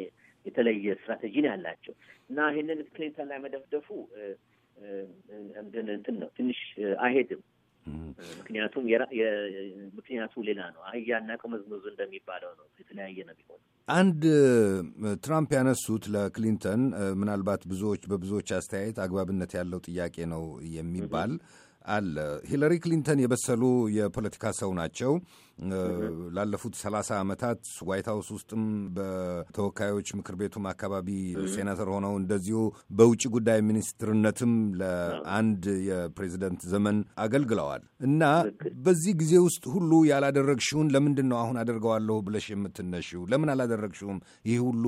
የተለየ ስትራቴጂ ነው ያላቸው እና ይህንን ክሊንተን ላይ መደፍደፉ እንትን ነው ትንሽ አይሄድም። ምክንያቱም ምክንያቱ ሌላ ነው። አህያና ቅመዝመዙ እንደሚባለው ነው። የተለያየ ነው ቢሆን አንድ ትራምፕ ያነሱት ለክሊንተን ምናልባት ብዙዎች በብዙዎች አስተያየት አግባብነት ያለው ጥያቄ ነው የሚባል አለ። ሂለሪ ክሊንተን የበሰሉ የፖለቲካ ሰው ናቸው። ላለፉት 30 ዓመታት ዋይት ሀውስ ውስጥም በተወካዮች ምክር ቤቱም አካባቢ ሴናተር ሆነው እንደዚሁ በውጭ ጉዳይ ሚኒስትርነትም ለአንድ የፕሬዚደንት ዘመን አገልግለዋል እና በዚህ ጊዜ ውስጥ ሁሉ ያላደረግሽውን ለምንድን ነው አሁን አደርገዋለሁ ብለሽ የምትነሽው ለምን አላደረግሽውም? ይህ ሁሉ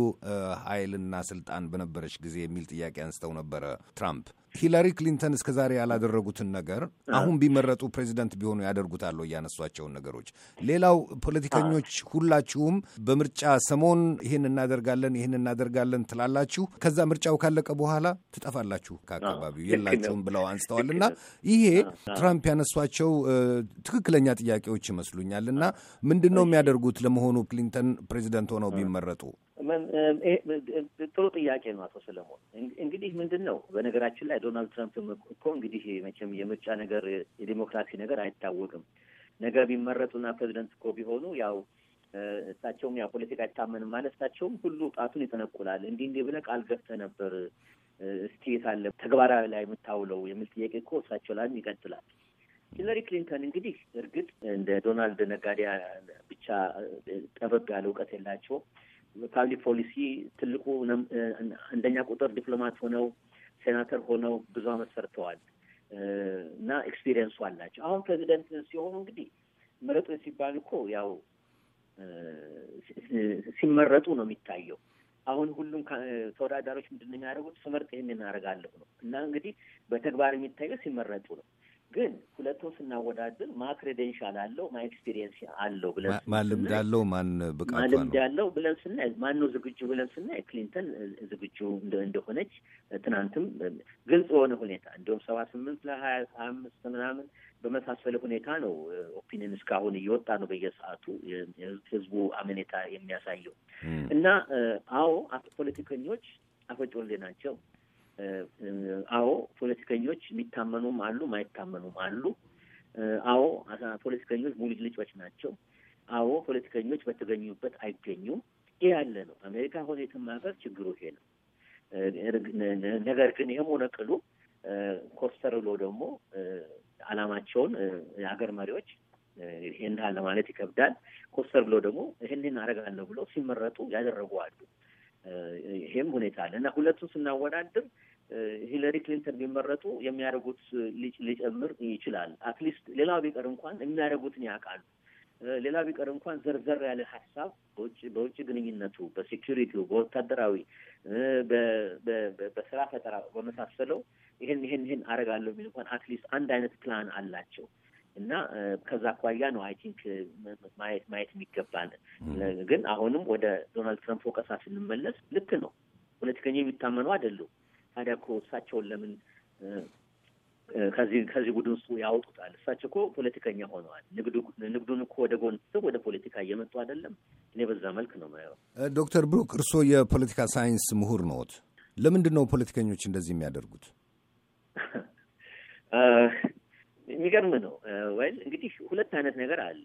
ኃይልና ስልጣን በነበረች ጊዜ የሚል ጥያቄ አንስተው ነበረ ትራምፕ። ሂላሪ ክሊንተን እስከ ዛሬ ያላደረጉትን ነገር አሁን ቢመረጡ ፕሬዚደንት ቢሆኑ ያደርጉታል እያነሷቸውን ነገሮች። ሌላው ፖለቲከኞች ሁላችሁም በምርጫ ሰሞን ይህን እናደርጋለን ይህን እናደርጋለን ትላላችሁ፣ ከዛ ምርጫው ካለቀ በኋላ ትጠፋላችሁ፣ ከአካባቢው የላችሁም ብለው አንስተዋል እና ይሄ ትራምፕ ያነሷቸው ትክክለኛ ጥያቄዎች ይመስሉኛል እና ምንድን ነው የሚያደርጉት ለመሆኑ ክሊንተን ፕሬዚደንት ሆነው ቢመረጡ? ጥሩ ጥያቄ ነው አቶ ሰለሞን። እንግዲህ ምንድን ነው በነገራችን ላይ ዶናልድ ትራምፕ እኮ እንግዲህ መቼም የምርጫ ነገር የዲሞክራሲ ነገር አይታወቅም። ነገ ቢመረጡና ፕሬዚደንት እኮ ቢሆኑ ያው እሳቸውም ያው ፖለቲካ አይታመንም ማለት እሳቸውም ሁሉ ጣቱን ይጠነቁላል። እንዲህ እንዲህ ብለህ ቃል ገብተህ ነበር፣ እስቲ የታለ ተግባራዊ ላይ የምታውለው የሚል ጥያቄ እኮ እሳቸው ላይም ይቀጥላል። ሂለሪ ክሊንተን እንግዲህ እርግጥ እንደ ዶናልድ ነጋዴ ብቻ ጠበብ ያለ እውቀት የላቸውም ፓብሊክ ፖሊሲ ትልቁ አንደኛ ቁጥር ዲፕሎማት ሆነው ሴናተር ሆነው ብዙ ዓመት ሰርተዋል እና ኤክስፒሪየንሱ አላቸው። አሁን ፕሬዚደንት ሲሆኑ እንግዲህ ምረጡ ሲባል እኮ ያው ሲመረጡ ነው የሚታየው። አሁን ሁሉም ተወዳዳሪዎች ምንድን ነው የሚያደርጉት? ስመርጥ ይህን እናደርጋለሁ ነው እና እንግዲህ በተግባር የሚታየው ሲመረጡ ነው። ግን ሁለቱን ስናወዳድር ማ ክሬደንሻል አለው ማ ኤክስፒሪየንስ አለው ብለን ማን ልምድ አለው ማን ብቃቱ ማን ልምድ አለው ብለን ስናይ ማን ነው ዝግጁ ብለን ስናይ ክሊንተን ዝግጁ እንደሆነች ትናንትም ግልጽ የሆነ ሁኔታ እንዲሁም ሰባ ስምንት ለሀያ አምስት ምናምን በመሳሰለ ሁኔታ ነው ኦፒኒን እስካሁን እየወጣ ነው በየሰዓቱ ህዝቡ አመኔታ የሚያሳየው እና አዎ ፖለቲከኞች አፈጮሌ ናቸው አዎ ፖለቲከኞች የሚታመኑም አሉ፣ ማይታመኑም አሉ። አዎ ፖለቲከኞች ሙሉ ልጮች ናቸው። አዎ ፖለቲከኞች በተገኙበት አይገኙም። ይህ ያለ ነው። አሜሪካ ሆነ የትም ሀገር ችግሩ ይሄ ነው። ነገር ግን ይህም ሆነ ቅሉ ኮስተር ብሎ ደግሞ አላማቸውን የሀገር መሪዎች ይሄን ለማለት ይከብዳል። ኮስተር ብሎ ደግሞ ይህንን አደርጋለሁ ብሎ ሲመረጡ ያደረጉ አሉ። ይሄም ሁኔታ አለ እና ሁለቱን ስናወዳድር ሂለሪ ክሊንተን ቢመረጡ የሚያደርጉት ሊጨምር ይችላል። አትሊስት ሌላው ቢቀር እንኳን የሚያደርጉትን ያውቃሉ። ሌላ ቢቀር እንኳን ዘርዘር ያለ ሀሳብ በውጭ ግንኙነቱ፣ በሴኪሪቲው፣ በወታደራዊ፣ በስራ ፈጠራ በመሳሰለው ይህን ይህን ይህን አደርጋለሁ የሚል እንኳን አትሊስት አንድ አይነት ፕላን አላቸው። እና ከዛ አኳያ ነው አይ ቲንክ ማየት ማየት የሚገባን። ግን አሁንም ወደ ዶናልድ ትራምፕ ወቀሳ ስንመለስ ልክ ነው፣ ፖለቲከኛ የሚታመኑ አይደሉም። ታዲያ እኮ እሳቸውን ለምን ከዚህ ከዚህ ቡድን ውስጥ ያወጡታል? እሳቸው እኮ ፖለቲከኛ ሆነዋል። ንግዱን እኮ ወደ ጎን ትተው ወደ ፖለቲካ እየመጡ አይደለም? እኔ በዛ መልክ ነው ማየው። ዶክተር ብሩክ እርስዎ የፖለቲካ ሳይንስ ምሁር ነዎት። ለምንድን ነው ፖለቲከኞች እንደዚህ የሚያደርጉት? የሚገርም ነው ወይል እንግዲህ ሁለት አይነት ነገር አለ።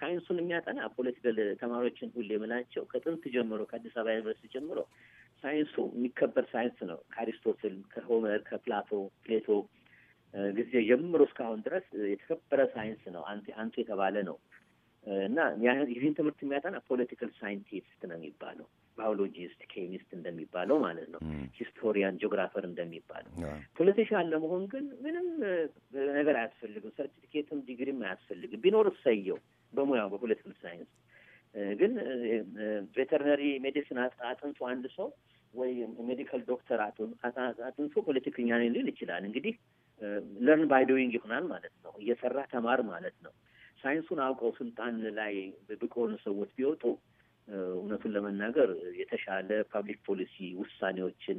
ሳይንሱን የሚያጠና ፖለቲካል ተማሪዎችን ሁሌ የምላቸው ከጥንት ጀምሮ ከአዲስ አበባ ዩኒቨርሲቲ ጀምሮ ሳይንሱ የሚከበር ሳይንስ ነው። ከአሪስቶትል፣ ከሆመር፣ ከፕላቶ ፕሌቶ ጊዜ ጀምሮ እስካሁን ድረስ የተከበረ ሳይንስ ነው። አንቱ የተባለ ነው እና ይህን ትምህርት የሚያጠና ፖለቲካል ሳይንቲስት ነው የሚባለው ባዮሎጂስት፣ ኬሚስት እንደሚባለው ማለት ነው። ሂስቶሪያን፣ ጂኦግራፈር እንደሚባለው ፖለቲሻን ለመሆን ግን ምንም ነገር አያስፈልግም። ሰርቲፊኬትም ዲግሪም አያስፈልግም። ቢኖር ሰየው በሙያው በፖለቲካል ሳይንስ ግን ቬተርነሪ ሜዲሲን አጥንቶ አንድ ሰው ወይ ሜዲካል ዶክተር አጥንቶ ፖለቲከኛ ነኝ ሊል ይችላል። እንግዲህ ለርን ባይ ዶዊንግ ይሆናል ማለት ነው። እየሰራ ተማር ማለት ነው። ሳይንሱን አውቀው ስልጣን ላይ ብቅ የሆኑ ሰዎች ቢወጡ እውነቱን ለመናገር የተሻለ ፓብሊክ ፖሊሲ ውሳኔዎችን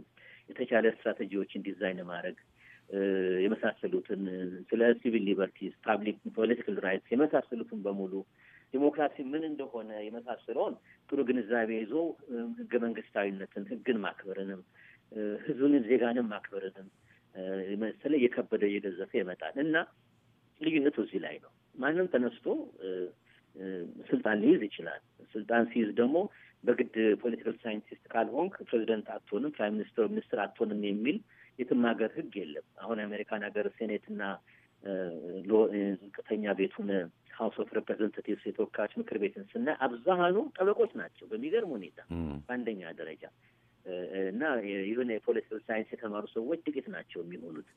የተሻለ ስትራቴጂዎችን ዲዛይን ማድረግ የመሳሰሉትን ስለ ሲቪል ሊበርቲስ ፓብሊክ ፖለቲካል ራይትስ የመሳሰሉትን በሙሉ ዲሞክራሲ ምን እንደሆነ የመሳሰለውን ጥሩ ግንዛቤ ይዞ ህገ መንግስታዊነትን፣ ህግን ማክበርንም፣ ህዝብንም ዜጋንም ማክበርንም መሰለ የከበደ እየገዘፈ ይመጣል እና ልዩነቱ እዚህ ላይ ነው። ማንም ተነስቶ ስልጣን ሊይዝ ይችላል። ስልጣን ሲይዝ ደግሞ በግድ ፖለቲካል ሳይንቲስት ካልሆንክ ፕሬዚደንት አትሆንም፣ ፕራይም ሚኒስትር ሚኒስትር አትሆንም የሚል የትም ሀገር ህግ የለም። አሁን የአሜሪካን ሀገር ሴኔትና ዝቅተኛ ቤቱን ሀውስ ኦፍ ሬፕሬዘንታቲቭስ የተወካዮች ምክር ቤትን ስናይ አብዛሃኑ ጠበቆች ናቸው በሚገርም ሁኔታ በአንደኛ ደረጃ እና ይሁን የፖለቲካል ሳይንስ የተማሩ ሰዎች ጥቂት ናቸው የሚሆኑት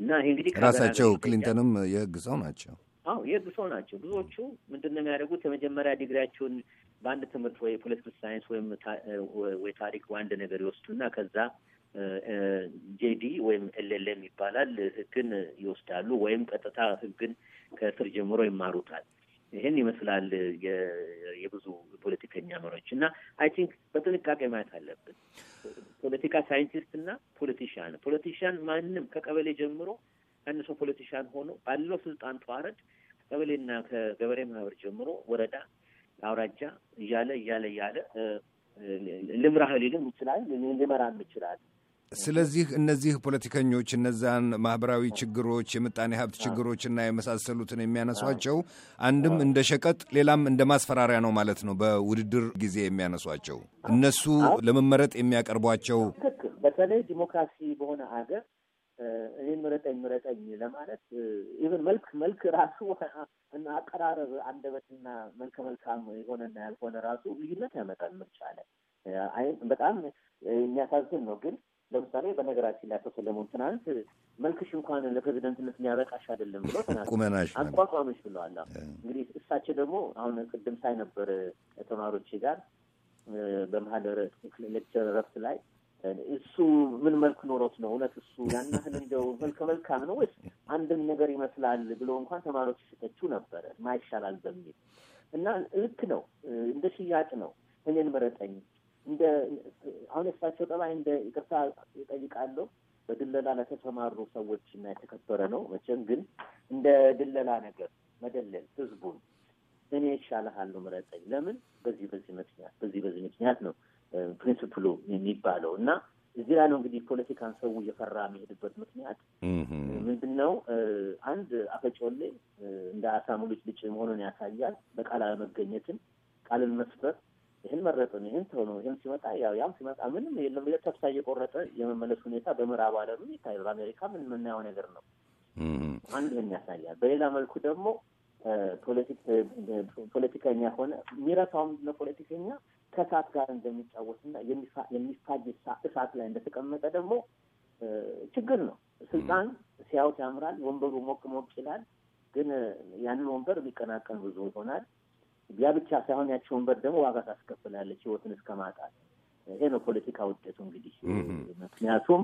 እና ይህ እንግዲህ ራሳቸው ክሊንተንም የህግ ሰው ናቸው አዎ የህግ ሰው ናቸው። ብዙዎቹ ምንድን ነው የሚያደርጉት? የመጀመሪያ ዲግሪያቸውን በአንድ ትምህርት ወይ ፖለቲካል ሳይንስ ወይ ታሪክ በአንድ ነገር ይወስዱና ከዛ ጄዲ ወይም ኤልኤልኤም ይባላል ህግን ይወስዳሉ፣ ወይም ቀጥታ ህግን ከስር ጀምሮ ይማሩታል። ይህን ይመስላል የብዙ ፖለቲከኛ መሪዎች እና አይ ቲንክ በጥንቃቄ ማየት አለብን። ፖለቲካ ሳይንቲስት እና ፖለቲሽያን ፖለቲሽያን ማንም ከቀበሌ ጀምሮ አንድ ሰው ፖለቲሻን ሆኖ ባለው ስልጣን ተዋረድ ቀበሌና ከገበሬ ማህበር ጀምሮ ወረዳ፣ አውራጃ እያለ እያለ እያለ ልምራህ ሊልም ይችላል፣ ሊመራም ይችላል። ስለዚህ እነዚህ ፖለቲከኞች እነዛን ማህበራዊ ችግሮች የምጣኔ ሀብት ችግሮችና የመሳሰሉትን የሚያነሷቸው አንድም እንደ ሸቀጥ ሌላም እንደ ማስፈራሪያ ነው ማለት ነው። በውድድር ጊዜ የሚያነሷቸው እነሱ ለመመረጥ የሚያቀርቧቸው በተለይ ዲሞክራሲ በሆነ አገር ምረጠኝ ምረጠኝ ለማለት ኢቨን መልክ መልክ ራሱ እና አቀራረብ አንደበትና መልከ መልካም የሆነና ያልሆነ ራሱ ልዩነት ያመጣል ምርጫ ላይ። በጣም የሚያሳዝን ነው። ግን ለምሳሌ በነገራችን ላይ አቶ ሰለሞን ትናንት መልክሽ እንኳን ለፕሬዚደንትነት የሚያበቃሽ አይደለም ብሎ ቁመናሽ፣ አቋቋምሽ ብለዋል። እንግዲህ እሳቸው ደግሞ አሁን ቅድም ሳይ ነበር ተማሪዎች ጋር በመሀል ረፍት ላይ እሱ ምን መልክ ኖሮት ነው እውነት እሱ ያን ያህል እንደው መልከ መልካም ነው ወይስ አንድም ነገር ይመስላል ብሎ እንኳን ተማሪዎች ሲተቹ ነበረ ማይሻላል በሚል እና ልክ ነው። እንደ ሽያጭ ነው እኔን መረጠኝ እንደ አሁን የሳቸው ጠባይ እንደ ይቅርታ ይጠይቃለሁ በድለላ ለተሰማሩ ሰዎች እና የተከበረ ነው መቼም። ግን እንደ ድለላ ነገር መደለል ህዝቡን እኔ ይሻልሃለሁ ምረጠኝ፣ ለምን በዚህ በዚህ ምክንያት በዚህ በዚህ ምክንያት ነው ፕሪንስፕሉ የሚባለው እና እዚህ ላይ ነው እንግዲህ ፖለቲካን ሰው እየፈራ የሚሄድበት ምክንያት ምንድን ነው? አንድ አፈጮሌ እንደ አሳ ሙልጭ ልጭ መሆኑን ያሳያል። በቃል አለመገኘትን፣ ቃልን መስበር ይህን መረጥን፣ ይህን ተው ነው፣ ይህም ሲመጣ ያው፣ ያም ሲመጣ ምንም የለም ብለህ ተስፋ እየቆረጠ የመመለስ ሁኔታ በምዕራብ ዓለም ይታያል። በአሜሪካ ምን የምናየው ነገር ነው። አንድ ይህን ያሳያል። በሌላ መልኩ ደግሞ ፖለቲከኛ ሆነ የሚረታውም ነው ፖለቲከኛ ከእሳት ጋር እንደሚጫወትና የሚፋጅ እሳት ላይ እንደተቀመጠ ደግሞ ችግር ነው። ስልጣን ሲያዩት ያምራል፣ ወንበሩ ሞቅ ሞቅ ይላል። ግን ያንን ወንበር የሚቀናቀን ብዙ ይሆናል። ያ ብቻ ሳይሆን ያቺ ወንበር ደግሞ ዋጋ ታስከፍላለች፣ ህይወትን እስከ ማጣት። ይሄ ነው ፖለቲካ ውጤቱ እንግዲህ። ምክንያቱም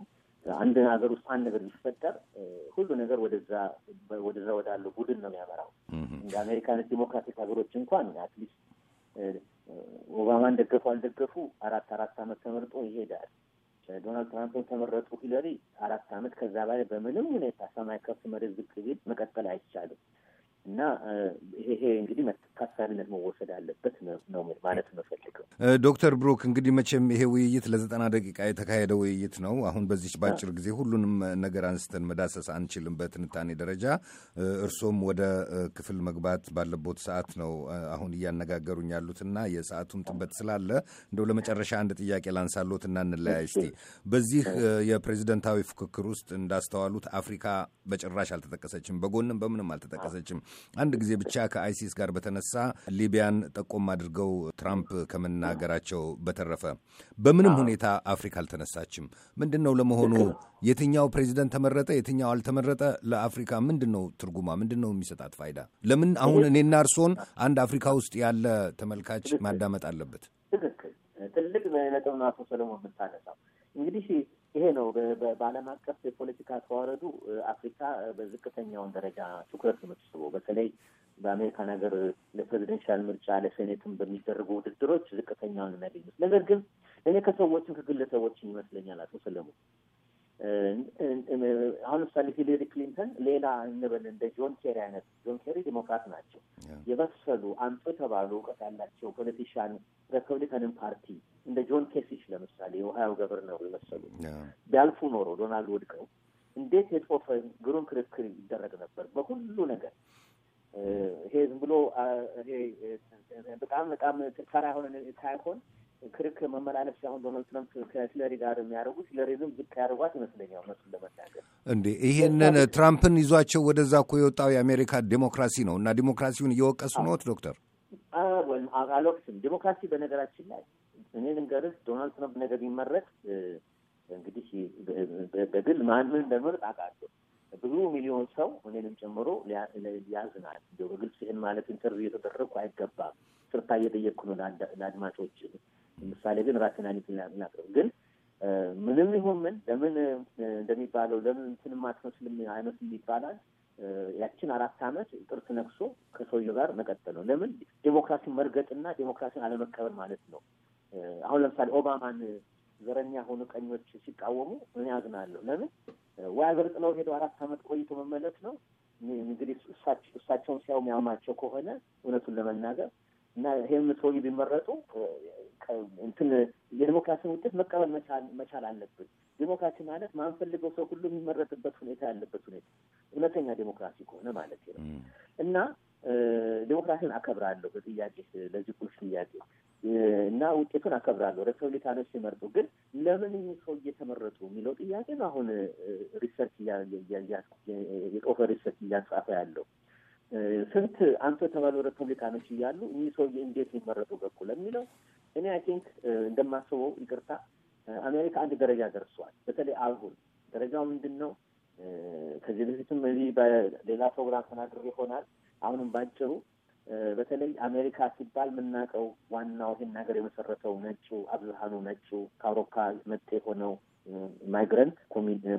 አንድ ሀገር ውስጥ አንድ ነገር ቢፈጠር ሁሉ ነገር ወደዛ ወደዛ ወዳለው ቡድን ነው የሚያመራው። እንደ አሜሪካን ዲሞክራቲክ ሀገሮች እንኳን አትሊስት ኦባማን ደገፉ አልደገፉ አራት አራት አመት ተመርጦ ይሄዳል። ዶናልድ ትራምፕን ተመረጡ ሂለሪ አራት አመት ከዛ በላይ በምንም ሁኔታ ሰማይ ከፍ መሬት ዝቅ ቢል መቀጠል አይቻልም እና ይሄ እንግዲህ ታሳቢነት መወሰድ አለበት ነው ማለት መፈልገው። ዶክተር ብሩክ እንግዲህ መቼም ይሄ ውይይት ለዘጠና ደቂቃ የተካሄደ ውይይት ነው። አሁን በዚች በአጭር ጊዜ ሁሉንም ነገር አንስተን መዳሰስ አንችልም በትንታኔ ደረጃ። እርሶም ወደ ክፍል መግባት ባለቦት ሰዓት ነው አሁን እያነጋገሩኝ ያሉትና የሰዓቱም ጥበት ስላለ እንደው ለመጨረሻ አንድ ጥያቄ ላንሳሎት እና እንለያይ እስቲ። በዚህ የፕሬዚደንታዊ ፉክክር ውስጥ እንዳስተዋሉት አፍሪካ በጭራሽ አልተጠቀሰችም፣ በጎንም በምንም አልተጠቀሰችም። አንድ ጊዜ ብቻ ከአይሲስ ጋር በተነ የተነሳ ሊቢያን ጠቆም አድርገው ትራምፕ ከመናገራቸው በተረፈ በምንም ሁኔታ አፍሪካ አልተነሳችም። ምንድን ነው ለመሆኑ የትኛው ፕሬዚደንት ተመረጠ፣ የትኛው አልተመረጠ ለአፍሪካ ምንድን ነው ትርጉማ? ምንድን ነው የሚሰጣት ፋይዳ? ለምን አሁን እኔና እርሶን አንድ አፍሪካ ውስጥ ያለ ተመልካች ማዳመጥ አለበት? ትልቅ ትልቅ ነጥብ ነው አቶ ሰለሞን የምታነሳው እንግዲህ ይሄ ነው በዓለም አቀፍ የፖለቲካ ተዋረዱ አፍሪካ በዝቅተኛውን ደረጃ ትኩረት የምትስበው በተለይ በአሜሪካን ሀገር ለፕሬዚደንሻል ምርጫ ለሴኔትም በሚደረጉ ውድድሮች ዝቅተኛውን የሚያገኙት። ነገር ግን እኔ ከሰዎችም ከግለሰቦችም ይመስለኛል አቶ ሰለሞን አሁን ምሳሌ ሂለሪ ክሊንተን ሌላ እንበል እንደ ጆን ኬሪ አይነት ጆን ኬሪ ዲሞክራት ናቸው የበሰሉ አንጡ የተባሉ እውቀት ያላቸው ፖለቲሽያን ሪፐብሊካንን ፓርቲ እንደ ጆን ኬሲች ለምሳሌ የኦሃዮ ገበር የመሰሉ ቢያልፉ ኖሮ ዶናልድ ወድቀው እንዴት የጦፈ ግሩም ክርክር ይደረግ ነበር በሁሉ ነገር። ይሄ ዝም ብሎ ይሄ በጣም በጣም ተራ ሆነ ሳይሆን ክርክር መመላለስ ሳይሆን ዶናልድ ትራምፕ ከሂለሪ ጋር የሚያደርጉት ሂለሪንም ዝቅ ያደርጓት ይመስለኛል። እውነቱን ለመናገር እንዴ ይሄንን ትራምፕን ይዟቸው ወደዛ እኮ የወጣው የአሜሪካ ዴሞክራሲ ነው እና ዴሞክራሲውን እየወቀሱ ነዎት ዶክተር? አልወቅስም። ዴሞክራሲ በነገራችን ላይ እኔ ልንገርህ፣ ዶናልድ ትረምፕ ነገ ቢመረጥ እንግዲህ በግል ማንን እንደምርጥ አውቃለሁ። ብዙ ሚሊዮን ሰው እኔንም ጨምሮ ያዝናል። እንዲ በግልጽ ይህን ማለት ኢንተርቪው እየተደረግኩ አይገባም። ስርታ እየጠየቅኩ ነው ለአድማጮች። ምሳሌ ግን ራሴን አኒት ላቅርብ ግን ምንም ይሁን ምን ለምን እንደሚባለው ለምን እንትን ማትመስልም አይመስል ይባላል። ያችን አራት ዓመት ጥርስ ነክሶ ከሰውየው ጋር መቀጠል ነው። ለምን ዴሞክራሲን መርገጥና ዴሞክራሲን አለመከበር ማለት ነው። አሁን ለምሳሌ ኦባማን ዘረኛ ሆኑ ቀኞች ሲቃወሙ እኔ አዝናለሁ። ለምን ወይ አገር ጥለው ሄደው አራት ዓመት ቆይቶ መመለስ ነው። እንግዲህ እሳቸውን ሲያው የሚያማቸው ከሆነ እውነቱን ለመናገር እና ይህም ሰውዬ ቢመረጡ እንትን የዲሞክራሲን ውጤት መቀበል መቻል አለብን። ዲሞክራሲ ማለት ማንፈልገው ሰው ሁሉ የሚመረጥበት ሁኔታ ያለበት ሁኔታ እውነተኛ ዲሞክራሲ ከሆነ ማለት ነው እና ዲሞክራሲን አከብራለሁ በጥያቄ ለዚህ ቁልፍ ጥያቄ እና ውጤቱን አከብራለሁ። ሪፐብሊካኖች ሲመርጡ ግን ለምን ይህ ሰው እየተመረጡ የሚለው ጥያቄ ነው። አሁን ሪሰርች የጦፈ ሪሰርች እያጻፈ ያለው ስንት አንቶ የተባሉ ሪፐብሊካኖች እያሉ እኚህ ሰውዬ እንዴት ሊመረጡ በኩል የሚለው እኔ አይ ቲንክ እንደማስበው ይቅርታ አሜሪካ አንድ ደረጃ ደርሷል። በተለይ አሁን ደረጃው ምንድን ነው? ከዚህ በፊትም እዚህ በሌላ ፕሮግራም ተናግር ይሆናል። አሁንም ባጭሩ በተለይ አሜሪካ ሲባል የምናውቀው ዋናው ይህን ነገር የመሰረተው ነጩ አብዛሃኑ ነጩ ከአውሮፓ መጥ የሆነው ማይግረንት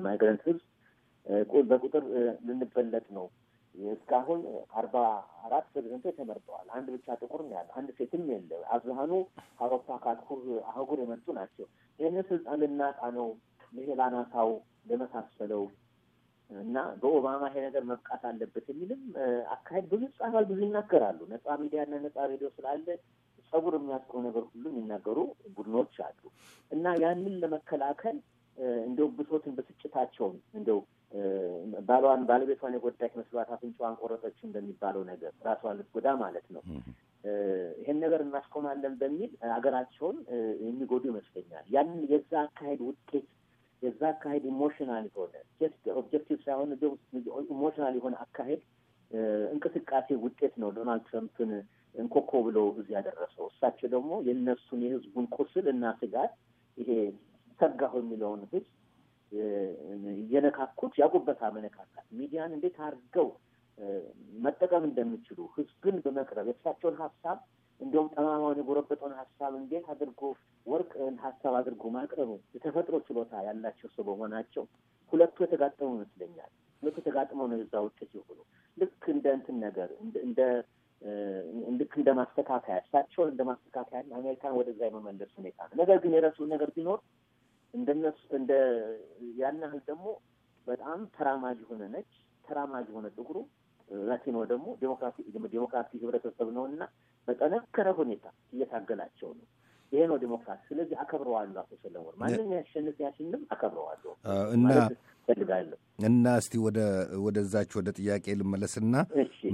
ማይግረንት ህዝብ በቁጥር ልንበለጥ ነው እስካሁን አርባ አራት ፕሬዚደንቶች ተመርጠዋል። አንድ ብቻ ጥቁር ነው ያለ፣ አንድ ሴትም የለም። አብዛሃኑ አውሮፓ ካልኩር አህጉር የመጡ ናቸው። ይህንን ስልጣን ልናጣ ነው ይሄ ላናሳው ለመሳሰለው እና በኦባማ ይሄ ነገር መብቃት አለበት የሚልም አካሄድ ብዙ ይጻፋል፣ ብዙ ይናገራሉ። ነጻ ሚዲያና ነጻ ሬዲዮ ስላለ ጸጉር የሚያስቀው ነገር ሁሉ የሚናገሩ ቡድኖች አሉ እና ያንን ለመከላከል እንደው ብሶትን ብስጭታቸውን እንደው ባሏን ባለቤቷን የጎዳች መስሏት አፍንጫዋን ቆረጠች እንደሚባለው ነገር ራሷን ልትጎዳ ማለት ነው። ይህን ነገር እናስቆማለን በሚል ሀገራቸውን የሚጎዱ ይመስለኛል። ያንን የዛ አካሄድ ውጤት የዛ አካሄድ ኢሞሽናል የሆነ ኦብጀክቲቭ ሳይሆን ኢሞሽናል የሆነ አካሄድ እንቅስቃሴ ውጤት ነው ዶናልድ ትረምፕን እንኮኮ ብሎ እዚህ ያደረሰው። እሳቸው ደግሞ የእነሱን የህዝቡን ቁስል እና ስጋት ይሄ ሰጋሁ የሚለውን ህዝብ እየነካኩት ያውቁበት አመለካከት ሚዲያን እንዴት አድርገው መጠቀም እንደሚችሉ ህዝብን በመቅረብ የእሳቸውን ሀሳብ እንዲሁም ጠማማውን የጎረበጠውን ሀሳብ እንዴት አድርጎ ወርቅ ሀሳብ አድርጎ ማቅረቡ የተፈጥሮ ችሎታ ያላቸው ሰው በመሆናቸው ሁለቱ የተጋጠሙ ይመስለኛል። ሁለቱ የተጋጥመው ነው የዛ ውጤት የሆኑ ልክ እንደ እንትን ነገር እንደ ልክ እንደ ማስተካከያ እሳቸውን እንደ ማስተካከያ አሜሪካን ወደዛ የመመለስ ሁኔታ ነው። ነገር ግን የረሱ ነገር ቢኖር እንደነሱ እንደ ያን ያህል ደግሞ በጣም ተራማጅ የሆነ ነች ተራማጅ የሆነ ጥቁሩ ላቲኖ ደግሞ ዴሞክራሲ ህብረተሰብ ነው እና በጠነከረ ሁኔታ እየታገላቸው ነው። ይሄ ነው ዴሞክራሲ። ስለዚህ አከብረዋሉ። አቶ ሰለሞን ማንም ያሸንፍ ያሽንም አከብረዋሉ እና እና እስቲ ወደ ወደዛች ወደ ጥያቄ ልመለስና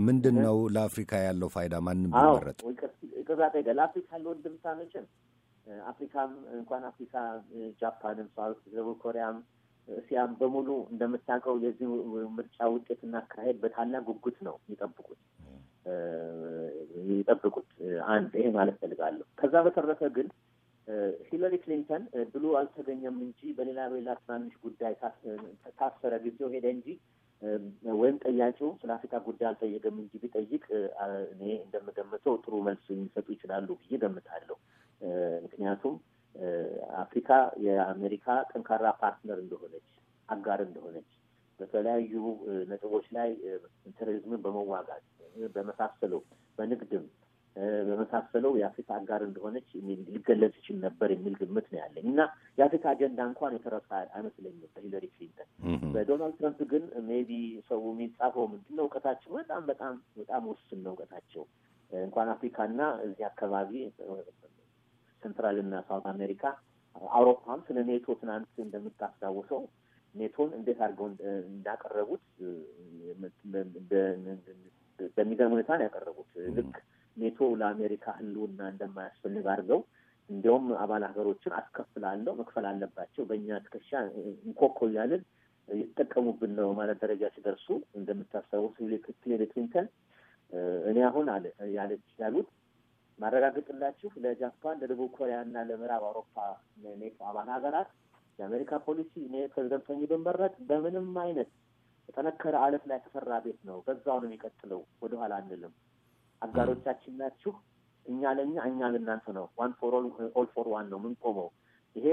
ምንድን ነው ለአፍሪካ ያለው ፋይዳ ማንም ቢመረጥ ይቅርታ ለአፍሪካ ያለው ድምታ መቼም አፍሪካም እንኳን አፍሪካ ጃፓንም፣ ሳውት ደቡብ ኮሪያም፣ እስያም በሙሉ እንደምታውቀው የዚህ ምርጫ ውጤትና አካሄድ በታላቅ ጉጉት ነው የሚጠብቁት የሚጠብቁት አንድ ይሄ ማለት ፈልጋለሁ። ከዛ በተረፈ ግን ሂለሪ ክሊንተን ድሉ አልተገኘም እንጂ በሌላ በሌላ ትናንሽ ጉዳይ ታሰረ፣ ጊዜው ሄደ እንጂ ወይም ጠያቂው ስለ አፍሪካ ጉዳይ አልጠየቅም እንጂ ቢጠይቅ እኔ እንደምገምተው ጥሩ መልስ የሚሰጡ ይችላሉ ብዬ ገምታለሁ። ምክንያቱም አፍሪካ የአሜሪካ ጠንካራ ፓርትነር እንደሆነች፣ አጋር እንደሆነች በተለያዩ ነጥቦች ላይ ቴሮሪዝምን በመዋጋት በመሳሰለው፣ በንግድም በመሳሰለው የአፍሪካ አጋር እንደሆነች ሊገለጽ ይችል ነበር የሚል ግምት ነው ያለኝ እና የአፍሪካ አጀንዳ እንኳን የተረሳ አይመስለኝም በሂለሪ ክሊንተን። በዶናልድ ትረምፕ ግን ሜቢ ሰው የሚጻፈው ምንድን ነው እውቀታቸው በጣም በጣም በጣም ውስን ነው እውቀታቸው እንኳን አፍሪካና እዚህ አካባቢ ሴንትራል እና ሳውት አሜሪካ፣ አውሮፓም ስለ ኔቶ ትናንት እንደምታስታውሰው ኔቶን እንዴት አድርገው እንዳቀረቡት በሚገርም ሁኔታ ነው ያቀረቡት። ልክ ኔቶ ለአሜሪካ ሕልውና እንደማያስፈልግ አድርገው እንዲያውም አባል ሀገሮችን አስከፍላለሁ መክፈል አለባቸው በእኛ ትከሻ እንኮኮ እያልን ይጠቀሙብን ነው ማለት ደረጃ ሲደርሱ እንደምታስታውስ ሂላሪ ክሊንተን እኔ አሁን ያለች ያሉት ማረጋገጥላችሁ ለጃፓን፣ ለደቡብ ኮሪያ እና ለምዕራብ አውሮፓ ኔቶ አባል ሀገራት የአሜሪካ ፖሊሲ እኔ ፕሬዚደንት ሆኜ ብመረጥ በምንም አይነት የጠነከረ አለት ላይ የተሰራ ቤት ነው። በዛው ነው የሚቀጥለው። ወደኋላ አንልም። አጋሮቻችን ናችሁ። እኛ ለእኛ እኛ ለእናንተ ነው። ዋን ፎር ኦል ፎር ዋን ነው ምንቆመው ይሄ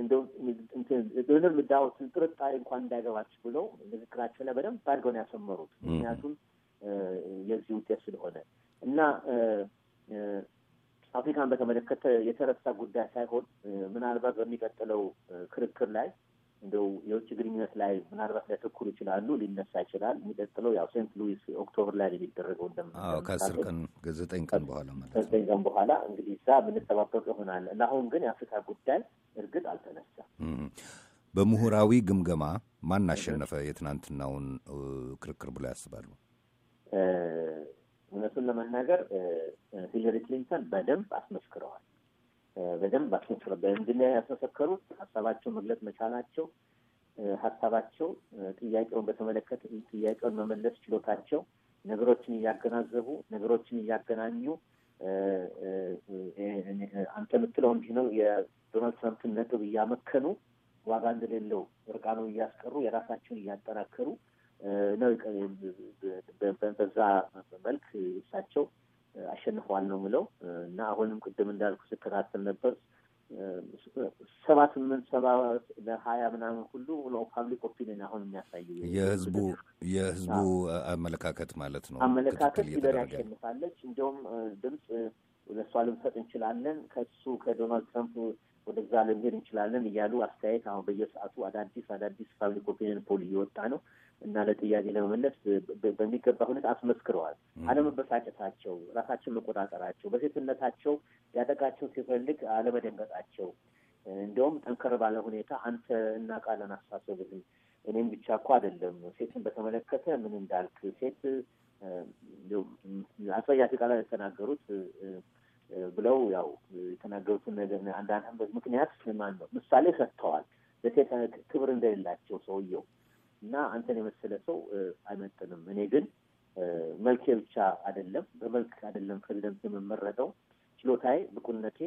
እንደውም ዳውትን ጥርጣሬ እንኳን እንዳይገባችሁ ብለው ንግግራቸው ላይ በደንብ አድርገው ነው ያሰመሩት። ምክንያቱም የዚህ ውጤት ስለሆነ እና አፍሪካን በተመለከተ የተረሳ ጉዳይ ሳይሆን ምናልባት በሚቀጥለው ክርክር ላይ እንደው የውጭ ግንኙነት ላይ ምናልባት ሊያተኩሩ ይችላሉ፣ ሊነሳ ይችላል። የሚቀጥለው ያው ሴንት ሉዊስ ኦክቶበር ላይ የሚደረገው ከአስር ቀን ከዘጠኝ ቀን በኋላ ማለት ነው። ከዘጠኝ ቀን በኋላ እንግዲህ እዛ የምንጠባበቅ ይሆናል። ለአሁን ግን የአፍሪካ ጉዳይ እርግጥ አልተነሳ በምሁራዊ ግምገማ ማን አሸነፈ የትናንትናውን ክርክር ብሎ ያስባሉ? እውነቱን ለመናገር ሂለሪ ክሊንተን በደንብ አስመስክረዋል። በደንብ አስመስክረ በእንድን ላይ ያስመሰከሩት? ሀሳባቸው መግለጽ መቻላቸው፣ ሀሳባቸው ጥያቄውን በተመለከተ ጥያቄውን መመለስ ችሎታቸው፣ ነገሮችን እያገናዘቡ ነገሮችን እያገናኙ አንተ የምትለው እንዲህ ነው የዶናልድ ትራምፕን ነጥብ እያመከኑ ዋጋ እንደሌለው እርቃኑን እያስቀሩ የራሳቸውን እያጠናከሩ ነው። በዛ መልክ እሳቸው አሸንፈዋል ነው የምለው እና አሁንም ቅድም እንዳልኩ ስከታተል ነበር ሰባ ስምንት ሰባ ለሀያ ምናምን ሁሉ ፓብሊክ ኦፒኒን አሁን የሚያሳይ የህዝቡ የህዝቡ አመለካከት ማለት ነው። አመለካከት ሂለሪ አሸንፋለች። እንዲሁም ድምፅ ለእሷ ልንሰጥ እንችላለን፣ ከሱ ከዶናልድ ትራምፕ ወደዛ ልንሄድ እንችላለን እያሉ አስተያየት አሁን በየሰዓቱ አዳዲስ አዳዲስ ፓብሊክ ኦፒኒን ፖል እየወጣ ነው። እና ለጥያቄ ለመመለስ በሚገባ ሁኔታ አስመስክረዋል። አለመበሳጨታቸው፣ ራሳቸውን መቆጣጠራቸው፣ በሴትነታቸው ያጠቃቸው ሲፈልግ አለመደንገጣቸው እንዲሁም ጠንከር ባለ ሁኔታ አንተ እናቃለን አስተሳሰብህን እኔም ብቻ እኮ አይደለም ሴትን በተመለከተ ምን እንዳልክ ሴት አስፈያፊ ቃላት የተናገሩት ብለው ያው የተናገሩትን ነገር አንዳንድ ምክንያት ማን ነው ምሳሌ ሰጥተዋል። በሴት ክብር እንደሌላቸው ሰውየው እና አንተን የመሰለ ሰው አይመጥንም። እኔ ግን መልኬ ብቻ አይደለም፣ በመልክ አይደለም ፕሬዚደንት የምመረጠው ችሎታዬ፣ ብቁነቴ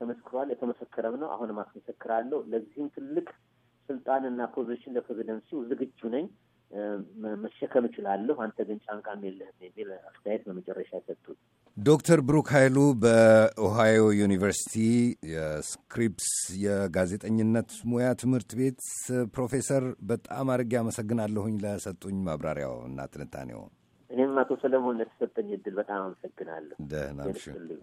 ተመስክሯል። የተመሰከረም ነው። አሁንም አስመሰክራለሁ። ለዚህም ትልቅ ስልጣን ስልጣንና ፖዚሽን ለፕሬዚደንሲው ዝግጁ ነኝ፣ መሸከም እችላለሁ። አንተ ግን ጫንቃም የለህም የሚል አስተያየት በመጨረሻ ሰጡት። ዶክተር ብሩክ ኃይሉ በኦሃዮ ዩኒቨርሲቲ የስክሪፕስ የጋዜጠኝነት ሙያ ትምህርት ቤት ፕሮፌሰር፣ በጣም አድርጌ አመሰግናለሁኝ ለሰጡኝ ማብራሪያው እና ትንታኔው። እኔም አቶ ሰለሞን ለተሰጠኝ እድል በጣም አመሰግናለሁ። ደህና